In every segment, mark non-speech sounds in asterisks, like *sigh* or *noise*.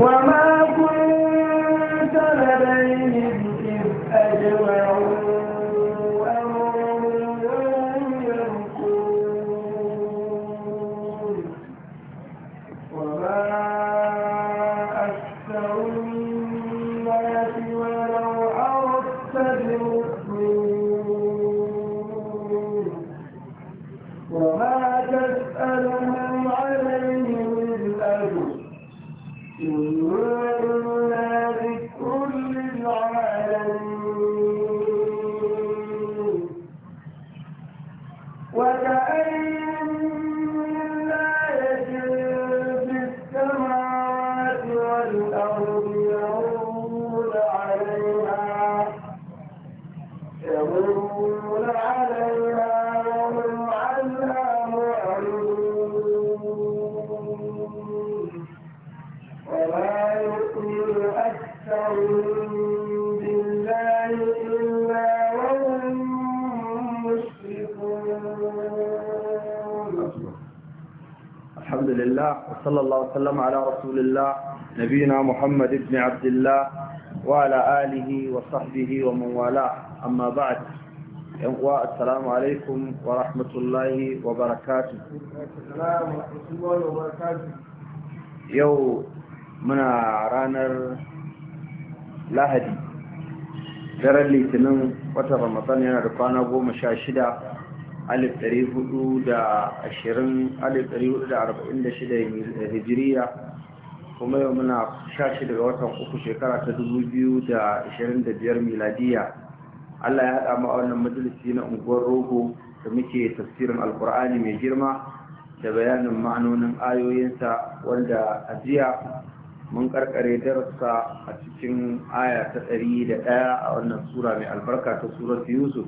وما كنت لديهم إذ أجمعوا نبينا محمد بن عبد الله وعلى آله وصحبه ومن والاه أما بعد السلام عليكم ورحمة الله وبركاته السلام ورحمة الله وبركاته يو منا رانر lahadi daren litinin watan ramadan yana da kwana goma sha shida alif ɗari hudu da ashirin alif ɗari hudu da arba'in da shida hijiriya kuma yau muna shashi daga watan uku shekara ta 2025 miladiya Allah ya haɗa mu a wannan majalisi na unguwar rogo da muke tafsirin alkur'ani mai girma da bayanin ma'anonin ayoyinsa wanda a jiya mun karkare darasa a cikin aya ta ɗari da ɗaya a wannan sura mai albarka ta surar yusuf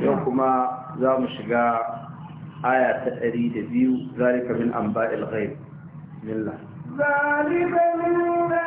yau kuma za mu shiga aya ta ɗari da biyu zalika min amba'il ghaib millah ذلك من أنباء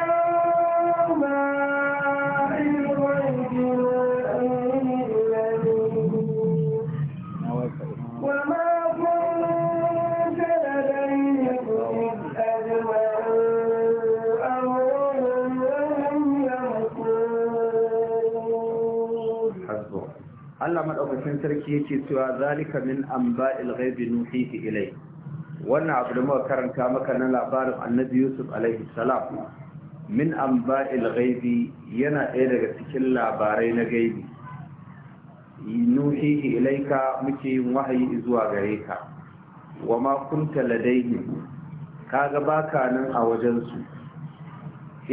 Allah maɗaukacin sarki yake cewa zalika min amba'il ghaibi nuhihi ilai. wannan abu da muka karanta maka na labarin annabi yusuf alaihi salam min amba'il ghaibi yana ɗaya daga cikin labarai na gaibi nuhihi ilaika muke yin wahayi zuwa gare ka wa ma kunta ladaihim kaga baka nan a wajen su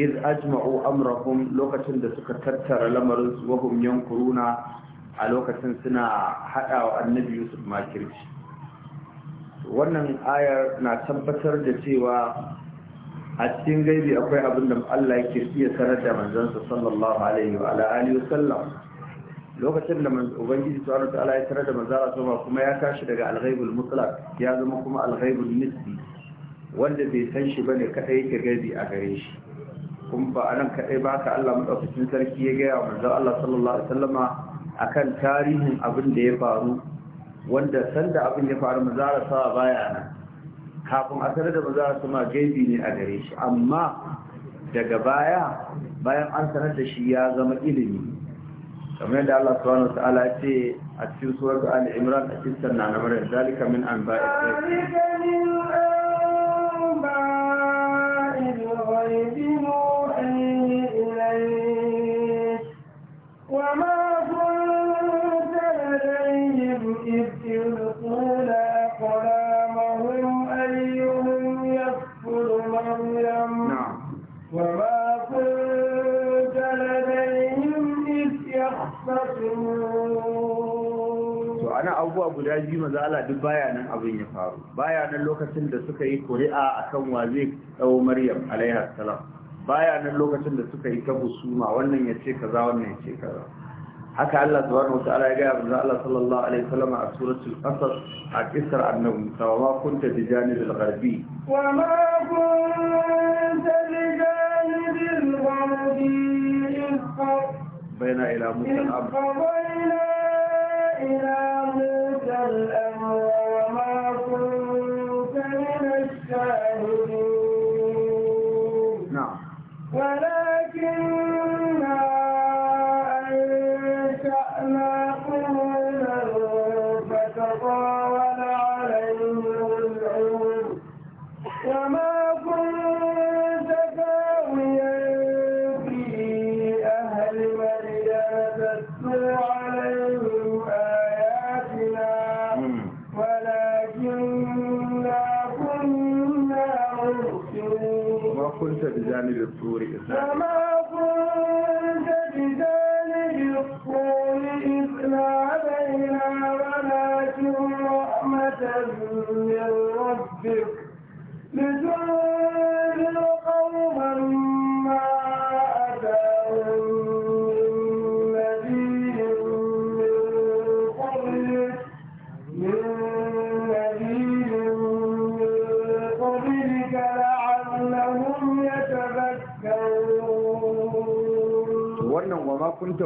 iz ajma'u amrahum lokacin da suka tattara lamarin su wahum yankuruna a lokacin suna haɗawa annabi yusuf makirci wannan ayar na tabbatar da cewa a cikin gaibi akwai abin da Allah yake iya sanar da manzansa sallallahu alaihi wa alihi wasallam lokacin da ubangiji subhanahu ta'ala ya sanar da manzara sama kuma ya tashi daga alghaibul mutlaq ya zama kuma alghaibul nisbi wanda bai san shi bane kada yake gaibi a gare shi kuma ba anan kadai ba ka Allah madaukakin sarki ya ga manzo Allah sallallahu alaihi wasallama akan tarihin abin da ya faru wanda sanda abin ya faru mazara sawa baya nan kafin a sanar da mazara sama gaibi ne a gare shi amma daga baya bayan an sanar da shi ya zama ilimi kamar yadda Allah subhanahu wa ta'ala ce a cikin surar Ali Imran a cikin na namarin zalika min anba'i zalika min anba'il ana abubuwa guda biyu maza Allah duk baya nan abin ya faru baya nan lokacin da suka yi kuri'a akan wa zai tsawo Maryam alaiha salam baya nan lokacin da suka yi ta husuma wannan ya ce kaza wannan ya ce kaza haka Allah subhanahu wataala ya gaya manzo Allah sallallahu alaihi wasallam a suratul qasas a kisar annabi Musa wa kunta bijanibil gharbi wa ma kunta bijanibil gharbi bayna ila musa al إلى موسى الأمر وما كنت من الشاهدين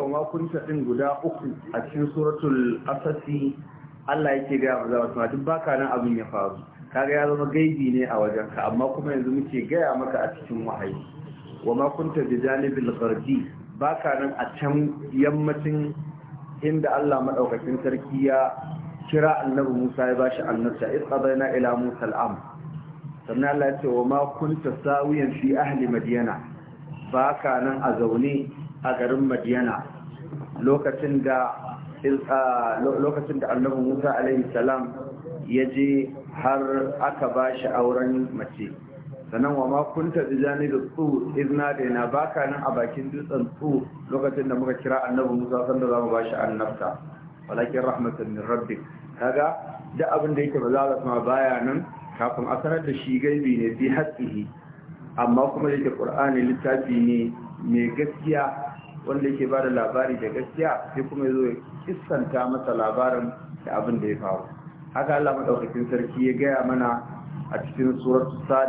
wa makunta ɗin guda uku a cikin suratul asasi Allah yake gaya maza wasu ma duk baka nan abin ya faru kaga ya zama gaibi ne a wajenka amma kuma yanzu muke gaya maka a cikin wahayi wa makunta da janibil gardi baka nan a can yammacin inda Allah madaukakin sarki ya kira annabi Musa ya bashi annabta iz qadaina ila Musa al-am sannan Allah ya ce wa ma kunta sawiyan fi ahli madiyana baka nan a zaune a garin madiyana lokacin da lokacin da annabi Musa alaihi salam ya je har aka ba shi auren mace sannan wa ma kunta bi da tsu izna da na baka nan a bakin dutsen tsu lokacin da muka kira annabi Musa da zamu ba shi annabta walakin rahmatan min rabbik kaga da abin da yake ba za baya nan kafin a sanar da shi gaibi ne bi haƙƙihi amma kuma yake qur'ani littafi ne mai gaskiya wanda yake ba da labari da gaskiya sai kuma ya zo ya kissanta masa labarin da abin da ya faru haka Allah madaukakin sarki ya gaya mana a cikin suratul sad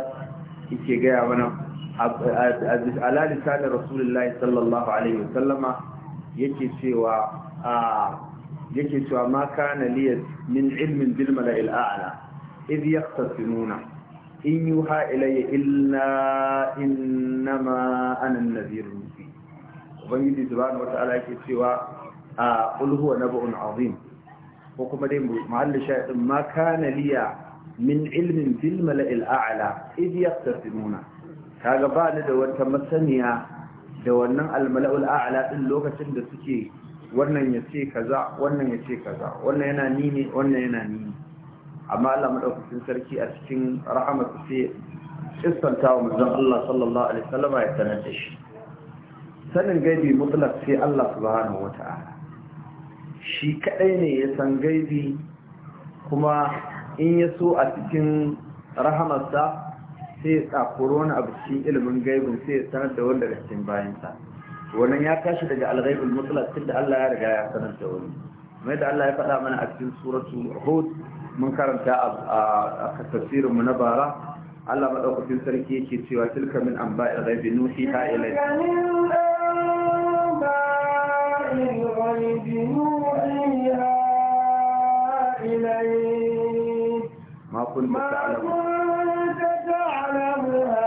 yake gaya mana ala lisanin rasulullahi sallallahu alaihi wasallama yake cewa yake cewa ma kana liya min ilmin bil mala'il a'la idh yaqtasimuna in yuha ilayya illa innama ana an-nadhirun ubangiji subhanahu wata'ala yake cewa a qul huwa naba'un azim ko kuma dai mahallin shayadin ma kana liya min ilmin bil mala'il a'la id yaqtasimuna kaga ba ni da wata masaniya da wannan al mala'ul a'la din lokacin da suke wannan ya ce kaza wannan kaza wannan yana ni ne wannan yana ni amma Allah madaukakin sarki a cikin rahamatu sai istanta wa manzon Allah sallallahu alaihi wasallam ya sanar da shi sanin gaibi mutlak sai Allah subhanahu wata'ala shi kadai ne ya san gaibi kuma in ya so a cikin rahamarsa sai ya tsakuro wani abu cikin ilimin gaibin sai ya sanar da wanda da cikin bayansa wannan ya tashi daga alghaibul mutlaq tunda Allah ya riga ya sanar da wani kuma da Allah ya faɗa mana a cikin suratu Hud mun karanta a tafsirin mu na bara Allah madaukakin sarki yake cewa tilka min anba'il ghaibi nuhiha ilayka الغيب نوحيها إليك ما كنت تعلمها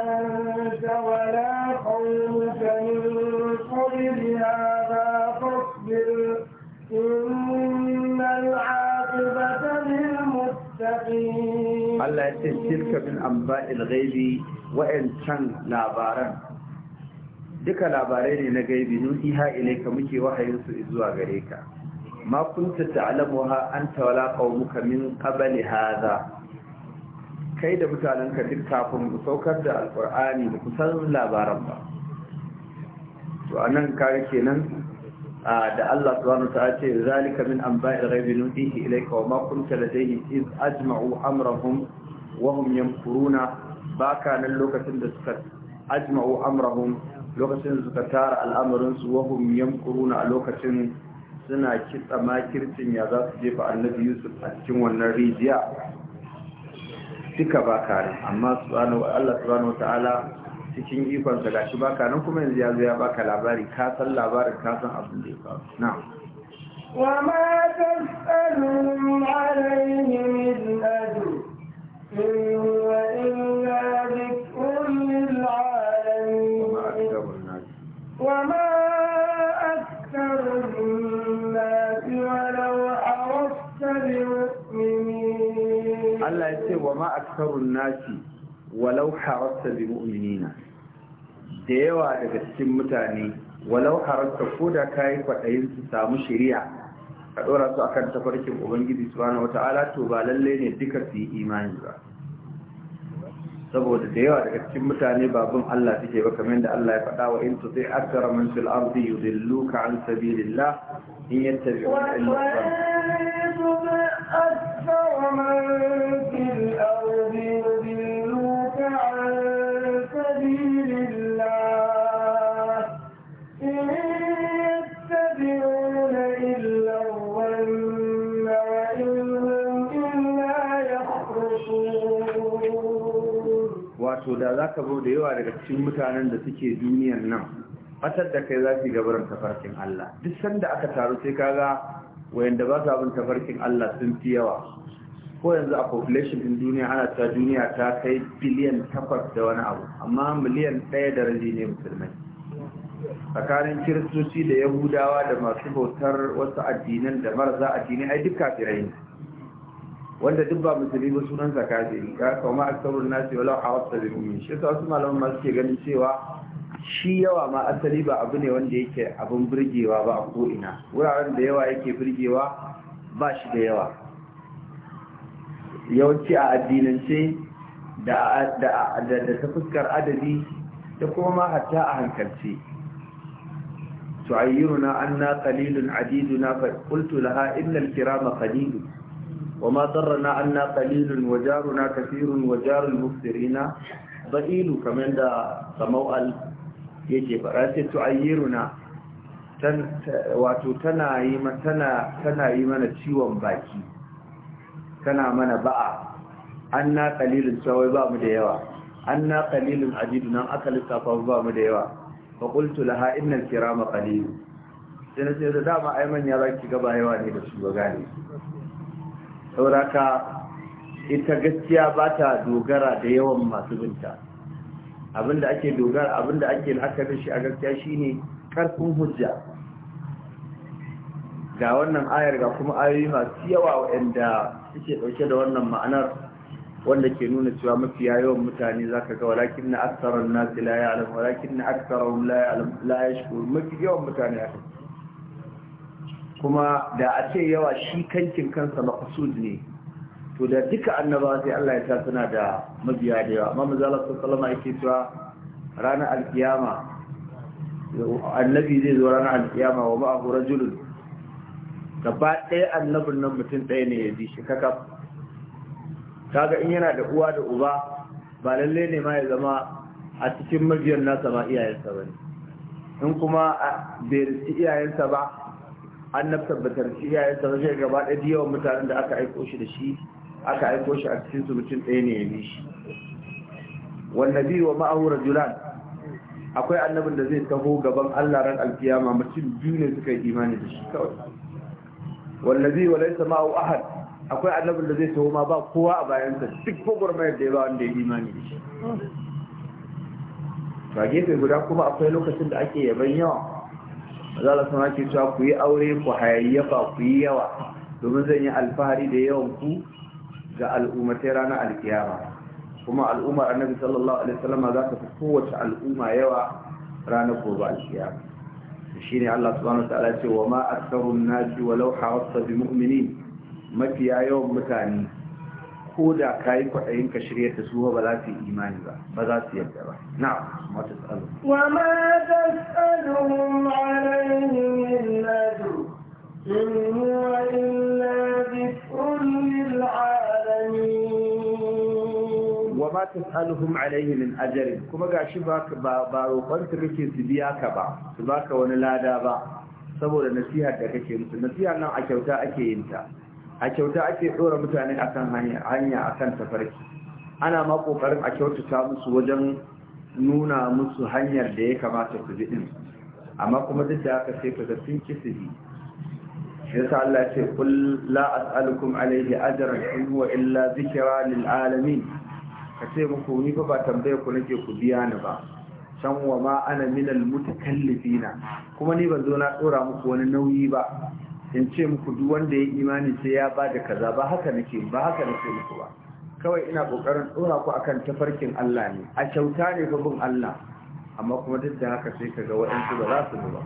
أنت ولا قومك من قبل هذا فاصبر إن العاقبة للمتقين الله يتسلك من أنباء الغيب وإن كان لابارا duka labarai ne na gaibi nuhiha ilayka muke wahayin su zuwa gare ka ma kunta ta'lamuha anta wala qaumuka min qabli hadha kai da ka duk kafin ku saukar da alqur'ani ku san labaran ba to anan kare kenan da Allah subhanahu wa ta'ala ce zalika min anba'il ghaibi nuhihi ilayka wa ma kunta ladayhi iz ajma'u amrahum wa hum yamkuruna baka nan lokacin da suka ajma'u amrahum lokacin suka tara al'amarinsu wahum yamkuruna a lokacin suna kitsa makircin ya za su jefa annabi yusuf a cikin wannan rijiya duka ba kare amma allah subhanahu wa ta'ala cikin ikon ga shi ba kare kuma yanzu ya zo ya baka labari ka san labarin ka san abin da ya faru na وما تسألهم عليه من أجر إن وإلا ذكر للعالمين وما ya الناس ولو حرصت بمؤمنين الله يقول da yawa daga cikin mutane walau harasta ko da ka yi su samu shari'a ka ɗora su akan tafarkin ubangiji subhanahu wata'ala to ba lallai ne duka su yi imani ba saboda da yawa daga cikin mutane babun Allah suke ba kamar da Allah ya faɗa wa in tuti akthara man fil ardi yudilluka an sabilillah in yattabi'una illa dhanna to da za ka zo da yawa daga cikin mutanen da suke duniyar nan fatar da kai za su gabarin tafarkin Allah duk sanda aka taru sai kaga wayanda ba su bin tafarkin Allah sun fi yawa ko yanzu a population din duniya ana ta duniya ta kai biliyan takwas da wani abu amma miliyan ɗaya da rabi ne musulmai tsakanin kiristoci da yahudawa da masu bautar wasu addinan da marasa addinai ai duk kafirai ne wanda duk ba musulmi ba sunan sa kafiri ka kuma aksarun nasi wala hawasta bi mu'min shi wasu malaman ma suke ganin cewa shi yawa ma asali ba abu ne wanda yake abin burgewa ba a ko'ina wuraren da yawa yake burgewa ba shi da yawa yawanci a addinance da ta fuskar adadi da kuma ma hatta a hankalce tu'ayyiruna anna kalilun adiduna na qultu laha innal kirama Khalilu. وما ضرنا عنا قليل وجارنا كثير وجار المفسرين ضئيل كمان دا سموال يجب رأسي تعيرنا wato tana yi mana ciwon baki tana mana ba'a an kalilin tsawai ba da yawa an kalilin ajidu nan aka lissafa ba da yawa fa qultu laha kirama qalil sai na ce da dama ai manya zaki ki gaba yawa ne da su ga sauraka ita gaskiya ba ta dogara da yawan masu binta abinda ake dogara abinda ake la'akari shi a gaskiya shine karfin hujja ga wannan ayar ga kuma ayoyi masu yawa waɗanda suke ɗauke da wannan ma'anar wanda ke nuna cewa mafi yawan mutane za ka ga walakin na aksarar nasi la ya walakin na aksarar la ya la mafi yawan mutane haka kuma da a ce yawa shi kankin kansa makasud ne to da duka annabawa sai Allah ya sa suna da mabiya da yawa amma manzo Allah sallallahu alaihi yake cewa ranar alkiyama annabi zai zo ranar alkiyama wa ba'ahu rajulun gaba ɗaya annabin nan mutum ɗaya ne ya ji shi kaka kaga in yana da uwa da uba ba lalle ne ma ya zama a cikin mabiyan nasa ma iyayensa ba ne in kuma bai riski iyayensa ba an na tabbatar shi ya yi sarashe gaba da yawan mutanen da aka aiko shi da shi aka aiko shi a cikin su mutum ɗaya ne ya bi shi wannabi wa ma'ahu rajulan akwai annabin da zai taho gaban Allah ran alkiyama mutum biyu ne suka yi imani da shi kawai wallazi wa laysa ma'ahu ahad akwai annabin da zai taho ma ba kowa a bayan sa duk gwagwarmayar da ya ba wanda ya imani da shi ba gefe guda kuma akwai lokacin da ake yaban yawa Allah sun ake cewa ku yi aure ku hayayyafa ku yi yawa domin zan yi alfahari da yawan ku ga al'ummatai ranar alkiyama kuma al'ummar annabi sallallahu alaihi wasallam za ta fi kowace al'umma yawa ranar gobe alkiyama shine Allah subhanahu wataala ce wa ma aktharun nasi walau hawassa bi mu'minin mafiya yawan mutane ko da ka yi kwaɗayin ka shirya ta su ba za su yi imani ba ba za su yadda ba na ma ta tsalo wa ma ta tsalo wa ma ta tsaluhum alaihi min ajarin kuma ga shi ba roƙonta kake su biya ka ba su baka wani lada ba saboda nasiha da kake musu nasiha nan a kyauta ake yin ta a kyauta ake ɗora mutane kan hanya akan tafarki ana ma ƙoƙarin a kyautata musu wajen nuna musu hanyar da ya kamata su bi din amma kuma duk da aka sai ka ga sun ki su bi yasa Allah ya ce kul la as'alukum alayhi ajran in huwa illa zikra lil alamin ka ce muku ni fa ba tambaye ku nake ku biya ni ba san wa ma ana min al mutakallifina kuma ni ban zo na dora muku wani nauyi ba in ce muku duk wanda ya imani sai ya ba da kaza ba haka nake ba haka nake muku ba kawai ina kokarin dora ku akan tafarkin Allah ne a kyauta ne ga bin Allah amma kuma duk da haka sai kaga waɗansu ba za su ba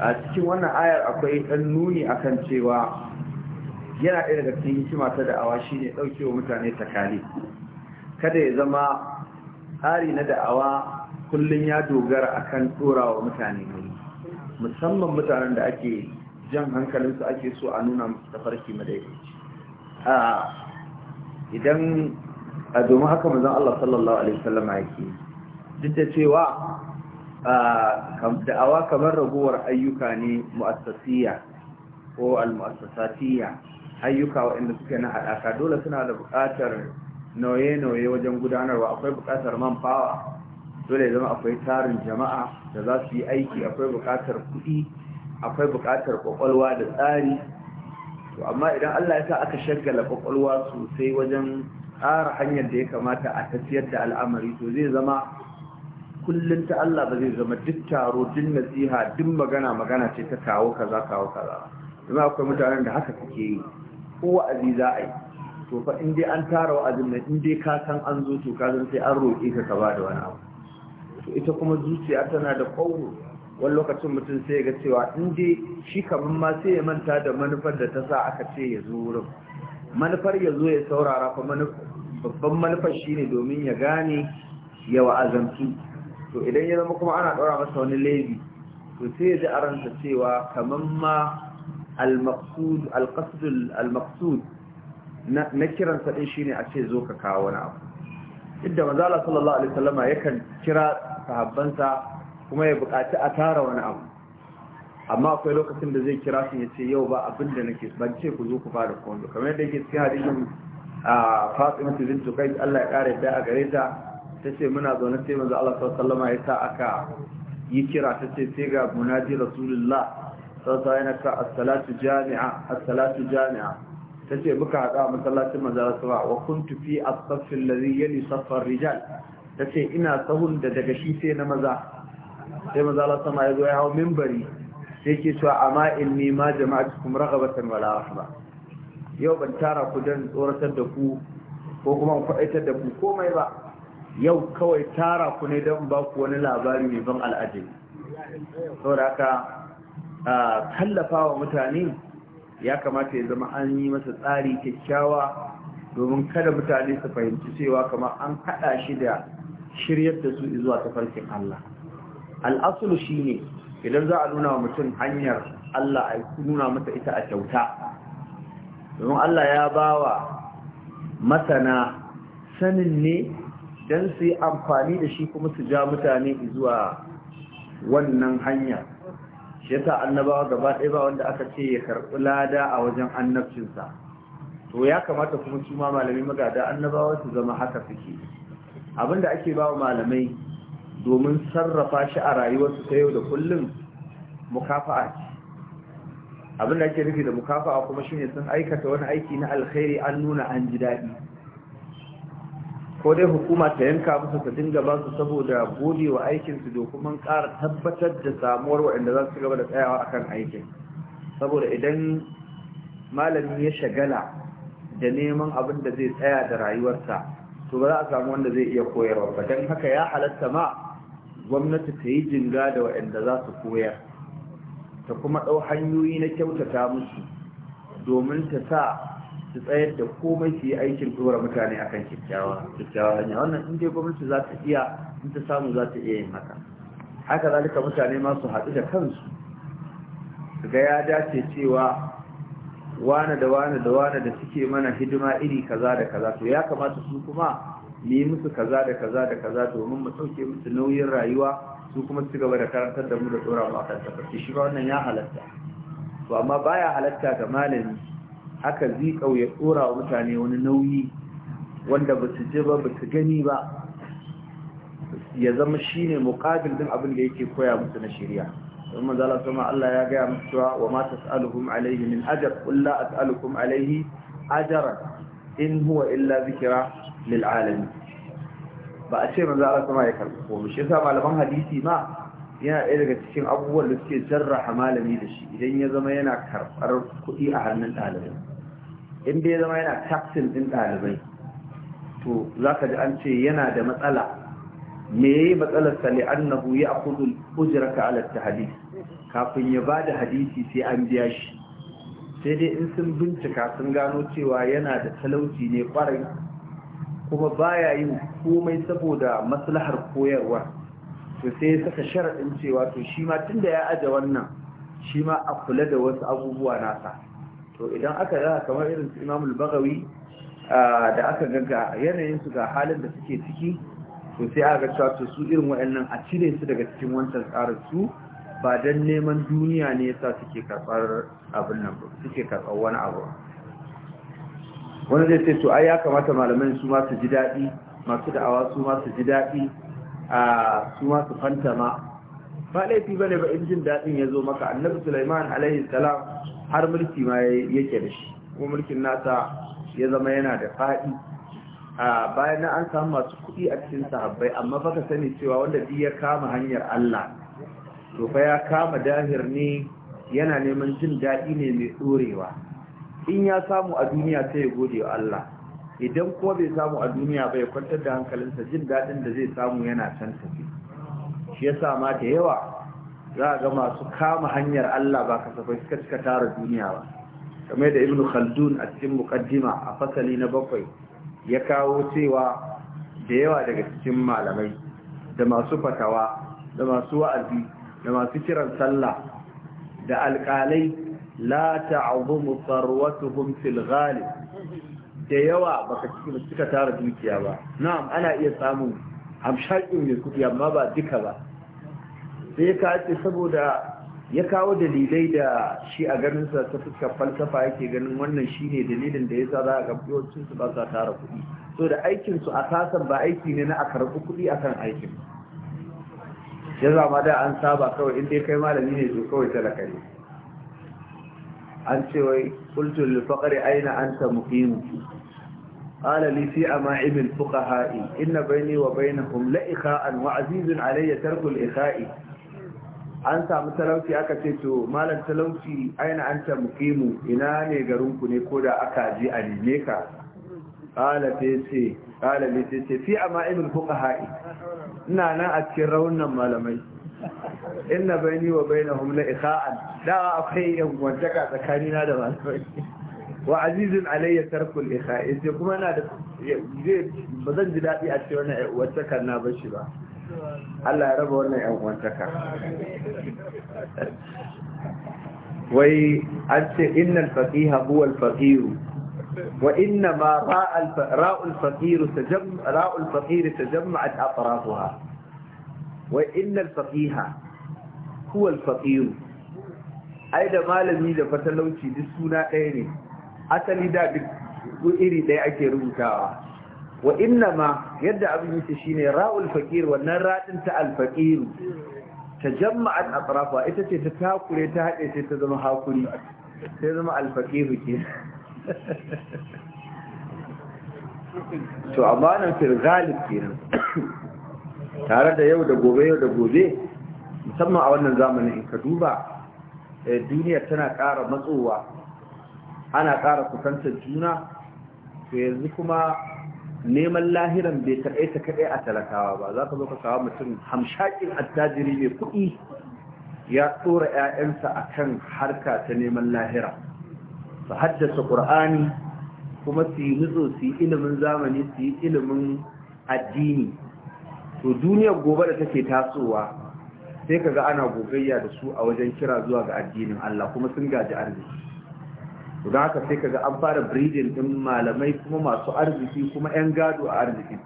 a cikin wannan ayar akwai dan nuni akan cewa yana ɗaya daga cikin hikima ta da'awa shine ɗaukewa mutane takali kada ya zama tsari na da'awa kullum ya dogara akan dora wa mutane ne musamman mutanen da ake jan hankalinsu ake so a nuna musu tafarki madaidaici idan a domin haka mazan Allah sallallahu Alaihi wasallama yake duk da cewa da'awa kamar ragowar ayyuka ne mu'assasiya ko al ayyuka waɗanda suke na haɗaka dole suna da buƙatar nauye-nauye wajen gudanarwa akwai buƙatar man fawa dole zama akwai tarin jama'a da za su yi aiki akwai buƙatar kuɗi akwai buƙatar kwakwalwa da tsari to amma idan Allah ya sa aka shagala kwakwalwa sosai wajen tsara hanyar da ya kamata a tafiyar da al'amari to zai zama kullum ta Allah ba zai zama duk taro duk nasiha duk magana magana ce ta kawo kaza kawo kaza kuma akwai mutanen da haka suke yi ko wa'azi za a yi to fa in dai an tara wa'azin nan in dai ka san an zo to ka san sai an roƙe ka ka ba da wani abu to ita kuma zuciya tana da ƙwauro wani lokacin mutum sai ga cewa in dai shi kamar ma sai ya manta da manufar da ta sa aka ce ya zo wurin manufar ya zo ya saurara fa babban manufar ne domin ya gane ya wa'azantu to idan ya zama kuma ana ɗora masa wani laifi to sai ya ji a ransa cewa kamar ma al-maqsud na kiransa ɗin shine a ce zo ka kawo wani abu duk da manzala sallallahu alaihi wasallama yakan kira sahabbansa kuma ya bukaci a tara wani abu amma akwai lokacin da zai kira sun ya ce yau ba abin da nake ban ce ku zo ku fara kondo kamar yadda yake cikin hadisin a fatima bin tukai Allah ya kare da a gare ta tace muna zaune sai manzo Allah sallallahu alaihi wasallam ya sa aka yi kira ce sai ga munaji rasulullah sallallahu alaihi wasallam as-salatu jami'a as-salatu jami'a tace muka hada masallacin manzo Allah sallallahu wa kuntu fi as-saff alladhi yali saffar rijal tace ina sahun da daga shi sai na maza sai maza Allah sama ya zo ya hawo minbari ke cewa amma inni ma kuma ragabatan wala ba yau ban tara ku dan tsoratar da ku ko kuma kwaitar da ku komai ba yau kawai tara ku ne dan ba ku wani labari mai ban al'ajabi saboda haka wa mutane ya kamata ya zama an yi masa tsari kyakkyawa domin kada mutane su fahimci cewa kamar an haɗa shi da shiryar da su zuwa tafarkin Allah al'asulu ne idan za a nuna wa mutum hanyar Allah a nuna mata ita a kyauta domin Allah ya bawa masana sanin ne don su yi amfani da shi kuma su ja mutane zuwa wannan hanya shi yasa annabawa gaba ɗaya ba wanda aka ce ya karɓi lada a wajen annabcinsa to ya kamata kuma su ma malamai magada annabawa su zama haka suke abinda ake ba wa malamai domin sarrafa shi a rayuwarsu ta yau da kullum mukafa'a abin da ake nufi da mukafa'a kuma shine sun aikata wani aiki na alkhairi an nuna an ji daɗi ko dai hukuma ta yanka musu ta dinga ba su saboda gode wa aikinsu da kuma ƙara tabbatar da samuwar waɗanda za su gaba da tsayawa akan aikin saboda idan malami ya shagala da neman abin da zai tsaya da rayuwarsa to ba za a samu wanda zai iya koyarwa ba don haka ya halatta ma gwamnati ta yi jinga da waɗanda za su koyar ta kuma ɗau hanyoyi na kyautata musu domin ta sa su tsayar da komai su yi aikin tsora mutane akan kyakkyawa kyakkyawa hanya wannan in dai gwamnati za ta iya in ta samu za ta iya yin haka haka zalika mutane masu su haɗu da kansu su ga ya dace cewa wane da wane da wane da suke mana hidima iri kaza da kaza to ya kamata su kuma mu musu kaza da kaza da kaza domin mu sauke musu nauyin rayuwa su kuma su gaba da karantar da mu da tsora mu akan tafarki shi ba wannan ya halatta to amma baya halatta ga malami haka zikau ya tsora wa mutane wani nauyi wanda ba su je ba ba su gani ba ya zama shine muqabil din abin da yake koya musu na shari'a ثم ذلك Allah ya gaya جماعة wa وما تسألهم عليه من أجر قل لا أسألكم عليه أجرا in huwa illa ذكرى lil'alami ba a ce manzo Allah sama ya karbi komai shi yasa malaman hadisi ma yana ɗaya daga cikin abubuwan da suke jarraha malami da shi idan ya zama yana karɓar kuɗi a hannun ɗalibai in bai zama yana taxin ɗin ɗalibai to za ka ji an ce yana da matsala me ya yi matsalar sa li'annahu ya akudu ujraka ala tahdith kafin ya ba da hadisi sai an biya shi sai dai in sun bincika sun gano cewa yana da talauci ne kwarai kuma baya yin komai saboda maslahar koyarwa to sai ya saka sharadin cewa to shi ma tunda ya aje wannan shi ma a kula da wasu abubuwa nasa to idan aka yi kamar irin su imamul baghawi da aka ga yanayin su ga halin da suke ciki to sai aka cewa to su irin waɗannan a cire su daga cikin wancan tsarin su ba dan neman duniya ne yasa suke karbar abin nan suke karɓar wani abu wani zai ce to ai ya kamata malamai su ma su ji daɗi masu da'awa su ma su ji daɗi a su ma su ma. ba laifi ba ne ba in jin daɗin ya zo maka annabi sulaiman alaihi salam har mulki ma yake da shi kuma mulkin nasa ya zama yana da faɗi a bayan na an samu masu kuɗi a cikin sahabbai amma baka sani cewa wanda bi ya kama hanyar Allah to fa ya kama dahir ne yana neman jin daɗi ne mai ɗorewa in ya samu a duniya sai ya gode wa Allah idan kuma bai samu a duniya bai kwantar da hankalinsa jin daɗin da zai samu yana can tafi shi yasa ma da yawa za a ga masu kama hanyar Allah ba kasafai suka cika tara duniya ba kamar da ibnu khaldun a cikin muqaddima a fasali na bakwai ya kawo cewa da yawa daga cikin malamai da masu fatawa da masu wa'azi da masu kiran sallah da alƙalai لا تعظم ثروتهم في الغالب da yawa baka suka tara dukiya ba na'am ana iya samun amshakin mai kudi amma ba duka ba sai ka ce saboda ya kawo dalilai da shi a ganin sa ta fuskar falsafa yake ganin wannan shine dalilin da yasa za a ga yawancin su ba sa tara kuɗi so da aikin su asasan ba aiki ne na a karɓi kuɗi akan aikin ya zama da an saba kawai in dai kai malami ne to kawai talaka ne an ce wai qultu lil faqri aina anta muqim qala li fi ama'im al fuqaha inna bayni wa bainahum la ikha'an wa azizun alayya tarku al ikha'i an samu talauci aka ce to malam talauci aina ta muqimu ina ne garinku ku ne koda aka ji a neme ka qala ta ce qala li ta ce fi ama'im al fuqaha ina nan a cikin raunan malamai inna baini wa bainahum la ikha'an da akwai yan gwantaka tsakanina da malamai wa azizun alayya tarkul ikha'i sai kuma na da zai ba zan ji dadi a cikin wannan wantaka na bashi ba Allah ya raba wannan yan wantaka wai an ce innal faqiha huwa al-faqir wa inna ma ra'al ra'ul faqir tajam ra'ul faqir tajammat atrafuha wai innal faqiha huwa al-faqir ai da malami da fatalauci duk suna ɗaya ne asali da duk iri ɗaya ake rubutawa wa inna ma yadda abin yake shine ra'ul faqir wannan raɗin ta al-faqir tajamma'at atrafa ita ce ta takure ta haɗe sai ta zama hakuri sai zama al ke *laughs* to amma nan fil ghalib tare da yau da gobe yau da gobe musamman a wannan zamanin in ka duba eh, duniya tana ƙara matsowa ana ƙara kusantar juna to yanzu kuma neman lahiran bai taɓe ta kaɗai a talakawa ba za ka zo ka kawo mutum hamshakin attajiri mai kuɗi ya tsora 'ya'yansa a kan harka ta neman lahira su haddasa ƙur'ani kuma su yi nutso su yi ilimin zamani su yi ilimin addini to duniyar gobe da take tasowa sai kaga ana gogayya da su a wajen kira zuwa ga addinin Allah kuma sun gaji arziki to da haka sai kaga an fara breeding din malamai kuma masu arziki kuma yan gado a arziki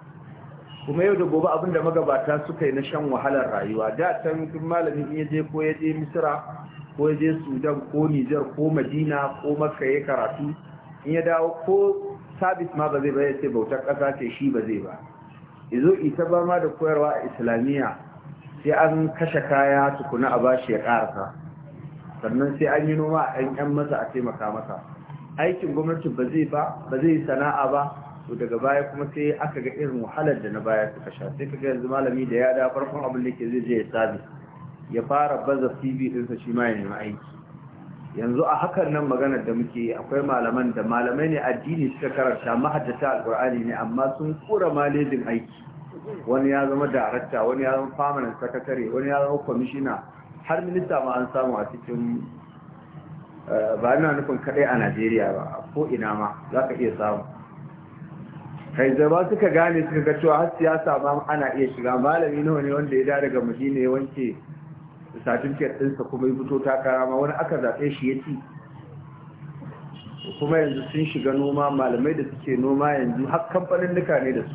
kuma yau da gobe abin da magabata suka yi na shan wahalar rayuwa da can duk malamin in je ko ya je Misra ko ya je Sudan ko Niger ko Madina ko Makka ya karatu in ya dawo ko sabis ma ba zai ba ya ce bautar ƙasa ce shi ba zai ba izo ita ba ma da koyarwa a islamiyya sai an kashe kaya tukuna a bashi ya karasa sannan sai an yi noma a yan masa a taimaka masa aikin gwamnati ba zai ba ba zai yi sana'a ba to daga baya kuma sai aka ga irin wahalar da na baya suka sha sai kaga yanzu malami da ya da farkon abin da ke zai je ya sabi ya fara baza cv ɗinsa shi ma ya nemi aiki yanzu a hakan nan maganar da muke akwai malaman da malamai ne addini suka karanta mahaddata alkur'ani ne amma sun kura malejin aiki wani ya zama darakta wani ya zama permanent secretary wani ya zama kwamishina har minista ma an samu a cikin eh, ba ina nufin kadai a najeriya ba ko ina ma za ka iya samu kai zama suka gane suka ga cewa har siyasa ma ana iya shiga malami nawa ne wanda ya da daga mu ne wanke da certificate ɗinsa kuma yi fito takara ma wani aka zaɓe shi ya ci kuma yanzu sun shiga noma malamai da suke noma yanzu har kamfanin duka ne da su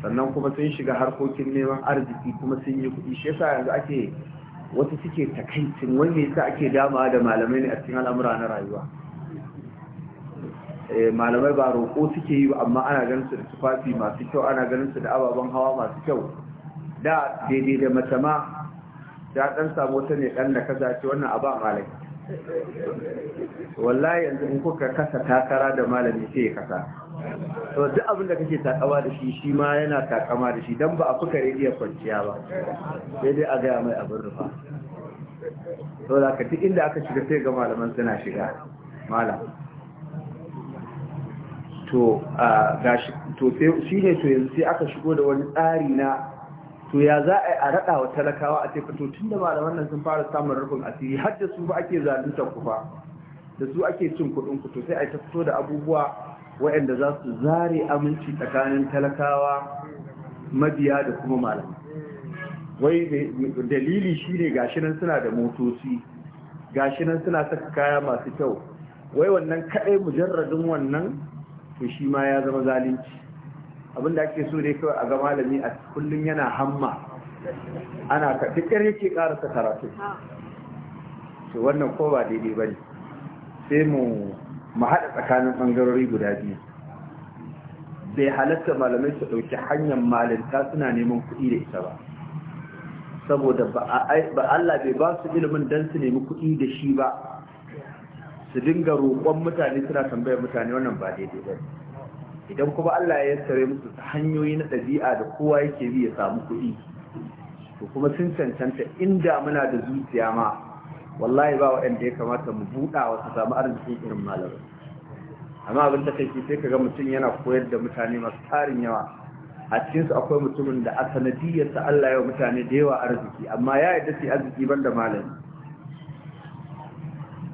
sannan kuma sun shiga harkokin neman arziki kuma sun yi kuɗi shi yasa yanzu ake wasu suke takaicin wanda yasa ake dama da malamai ne a cikin al'amura na rayuwa eh, malamai ba roƙo suke yi amma ana ganin su da tufafi masu kyau ana ganin su da ababen hawa masu kyau da daidai da matama. Da dan samu ta ne dan ka zace wannan abu a malami wallahi yanzu in kuka kasa takara da malami sai ya kasa to duk abin da kake takama da shi shi ma yana takama da shi dan ba a fuka rediyo kwanciya ba sai dai a gaya mai abin rufa to da ka duk inda aka shiga sai ga malaman suna shiga malam to a gashi to sai shi ne to yanzu sai aka shigo da wani tsari na to ya za a yi a raɗa wa talakawa a to tun da malaman nan sun fara samun rufin asiri har da su ba ake zaluntar ku fa da su ake cin kuɗin ku to sai a ta fito da abubuwa waɗanda za su zare aminci tsakanin talakawa mabiya da kuma malamai wai dalili shi shine gashi nan suna da motoci gashi nan suna saka kaya masu kyau wai wannan kaɗai mujarradin wannan to shi ma ya zama zalunci Abin da ake so dai kawai a ga malami a kullum yana hamma ana ka fitar yake karasa karatu to wannan ko ba daidai ba ne sai mu mu haɗa tsakanin ɓangarori guda biyu bai halatta malamai su ɗauki hanyar malinta suna neman kuɗi da ita ba saboda ba Allah bai ba su ilimin dan su nemi kuɗi da shi ba su dinga roƙon mutane suna tambayar mutane wannan ba daidai ba ne idan kuma Allah ya yassare musu ta hanyoyi na ɗabi'a da kowa yake bi ya samu kuɗi to kuma sun cancanta inda muna da zuciya ma wallahi ba waɗanda ya kamata mu buɗa wa su samu arzikin irin malamai amma abin da kai sai ga mutum yana koyar da mutane masu tarin yawa a cikinsu akwai mutumin da a sanadiyarsa Allah ya mutane da yawa arziki amma ya yarda su arziki banda malami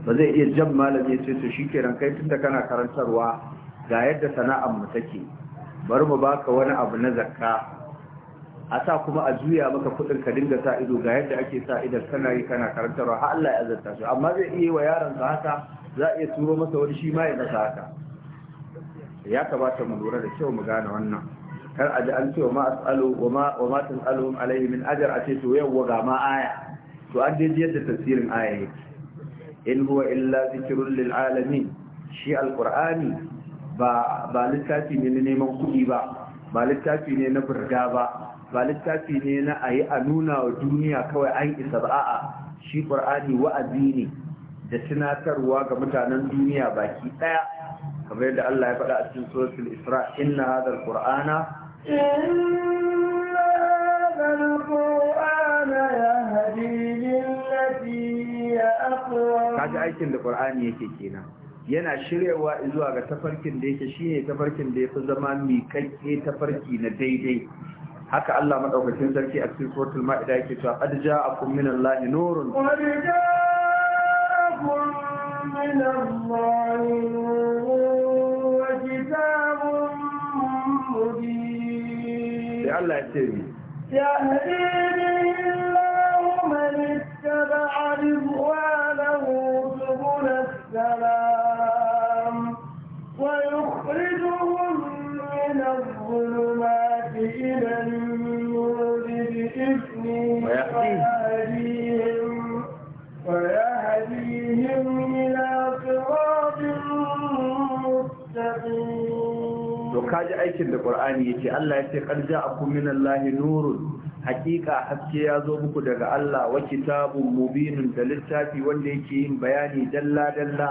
ba zai iya jan malami ya ce to shi kenan kai tunda kana karantarwa ga yadda sana'ar mu take bari mu baka wani abu na zakka a sa kuma a juya maka kudin ka dinga sa ido ga yadda ake sa idan kana yi kana karantarwa Ha Allah ya azarta shi amma zai iya wa yaron sa haka za a iya turo masa wani shi ma ya nasa haka ya kamata mu lura da kyau mu gane wannan kar a ji an ce wa ma as'alu wa ma wa ma tas'aluhum min ajr a ce to yau ga ma aya to an dai yadda tafsirin aya yake in huwa illa zikrun lil alamin shi alqur'ani ba littafi ne na neman kuɗi ba ba littafi ne na burga ba ba littafi ne na a yi a nuna wa duniya kawai an isa ba a'a shi ƙur'ani wa'azi ne da tunatarwa ga mutanen duniya baki ɗaya kamar yadda Allah ya faɗa a cikin suratul Isra inna hadal qur'ana inna hadal qur'ana yahdi lil lati aqwa kaji aikin da qur'ani yake kenan yana shiryawa zuwa ga tafarkin da yake shine tafarkin da ya fi zama mikakke tafarki na daidai haka Allah madaukakin sarki a cikin suratul maida yake cewa qad ja'akum minallahi nurun qad ja'akum minallahi nurun wa Allah ya ce aikin da ya ce Allah ya ce a ja'akum minallahi nurun haqiqa haske ya zo muku daga Allah wa kitabun mubinun da littafi wanda yake yin bayani dalla dalla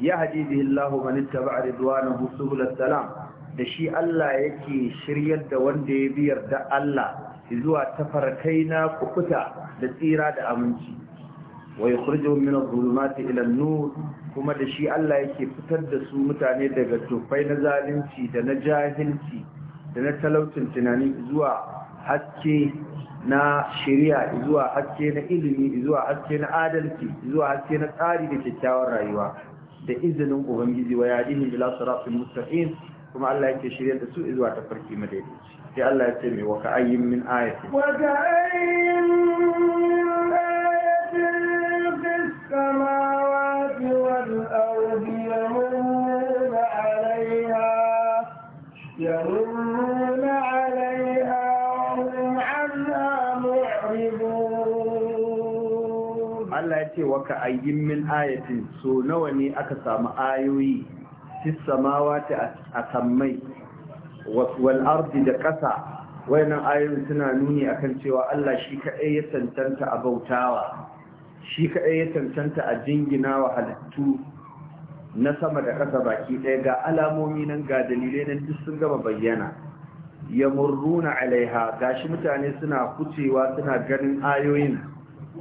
ya hadihi Allahu man ittaba'a ridwanahu subul salam da shi Allah yake shiryar da wanda ya biyar da Allah zuwa tafarkai na kukuta da tsira da aminci wa yukhrijuhum min adh-dhulumati ila an-nur kuma da shi Allah yake fitar da su mutane daga tuffai na zalunci da na jahilci da na talaucin tunani zuwa haske na shari'a zuwa haske na ilimi zuwa haske na adalci zuwa haske na tsari da kyakkyawar rayuwa da izinin ubangiji wa yadihi ila siratin mustaqim kuma Allah yake shiryar da su zuwa ta farki madaidaici sai Allah ya ce mai wa ayyin min ayati wa السماوات والأرض يمرون عليها يمرون عليها وهم عنها معرضون الله يتي وكأي من آية سونوني أكسام آيوي في السماوات أسمي والأرض دكسا wayannan ayoyin suna nuni akan cewa Allah shi kaɗai ya tantanta a bautawa shi kaɗai ya cancanta a jingina wa halittu na sama da ƙasa baki ɗaya ga alamomi nan ga dalilai nan duk sun gama bayyana ya murruna alaiha shi mutane suna kucewa suna ganin ayoyin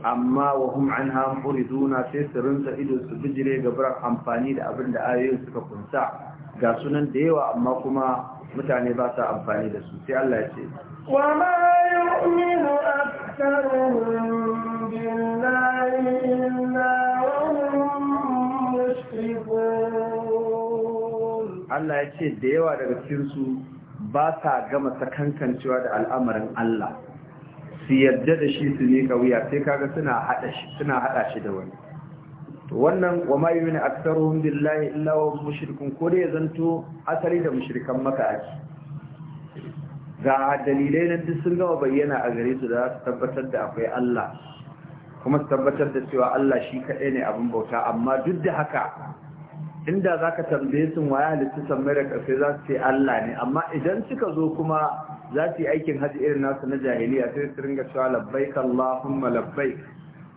amma wa hum an hamburi zuna sai su rinsa ido su bijire ga biran amfani da abin da ayoyin suka kunsa ga sunan da yawa amma kuma mutane ba sa amfani da su sai Allah ya ce wa ma yu'minu aktsaruhum Allah ya ce da yawa daga ديوة ba sa gama sakankancewa da al'amarin Allah su yarda da shi su ne wuya sai kaga suna hada shi shi da wani wannan wa ma yu'minu aktsaruhum billahi illa wa mushrikun ko ya zanto asali da mushirikan maka ake ga dalilai na duk sun gama bayyana a gare su da za su tabbatar da akwai Allah kuma su tabbatar da cewa Allah shi kaɗai ne abin bauta amma duk da haka inda za ka tambaye sun waya halittu sammai da ƙarfe za su ce Allah ne amma idan suka zo kuma za su yi aikin haji irin nasu na jahiliya sai su ringa cewa labbaik Allahumma labbaik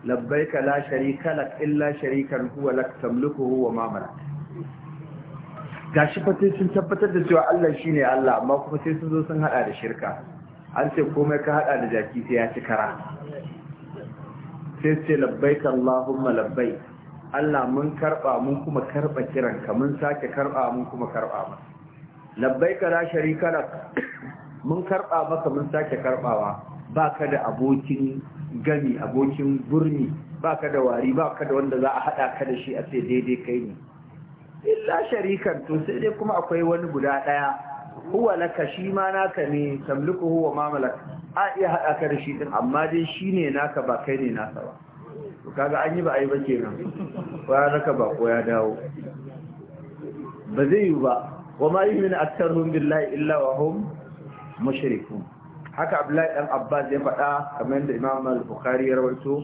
labbaik la sharika lak illa sharikan huwa lak tamliku wa ma malak gashi fa sun tabbatar da cewa Allah shine Allah amma kuma sai sun zo sun hada da shirka an ce komai ka hada da jaki sai ya ci kara sai ce labbaik Allahumma labbaik Allah mun karba mun kuma karba kiranka mun sake karba mun kuma karba maka labbaik la sharika lak mun karba maka mun sake karbawa baka da abokin gami abokin burni baka da wari baka da wanda za a hada ka da shi a sai daidai kai ne illa sharikan to sai dai kuma akwai wani guda daya huwa laka shi ma naka ne tamliku huwa ma a iya hada ka da shi din amma dai shine naka ba kai ne nasa ba to kaga an yi ba ai ba kenan ko ya ba ko ya dawo ba zai yi ba wa ma yu'minu aktharuhum billahi illa wa hum mushrikun haka Abdullahi dan Abbas ya faɗa kamar da Imam al-Bukhari ya rawaito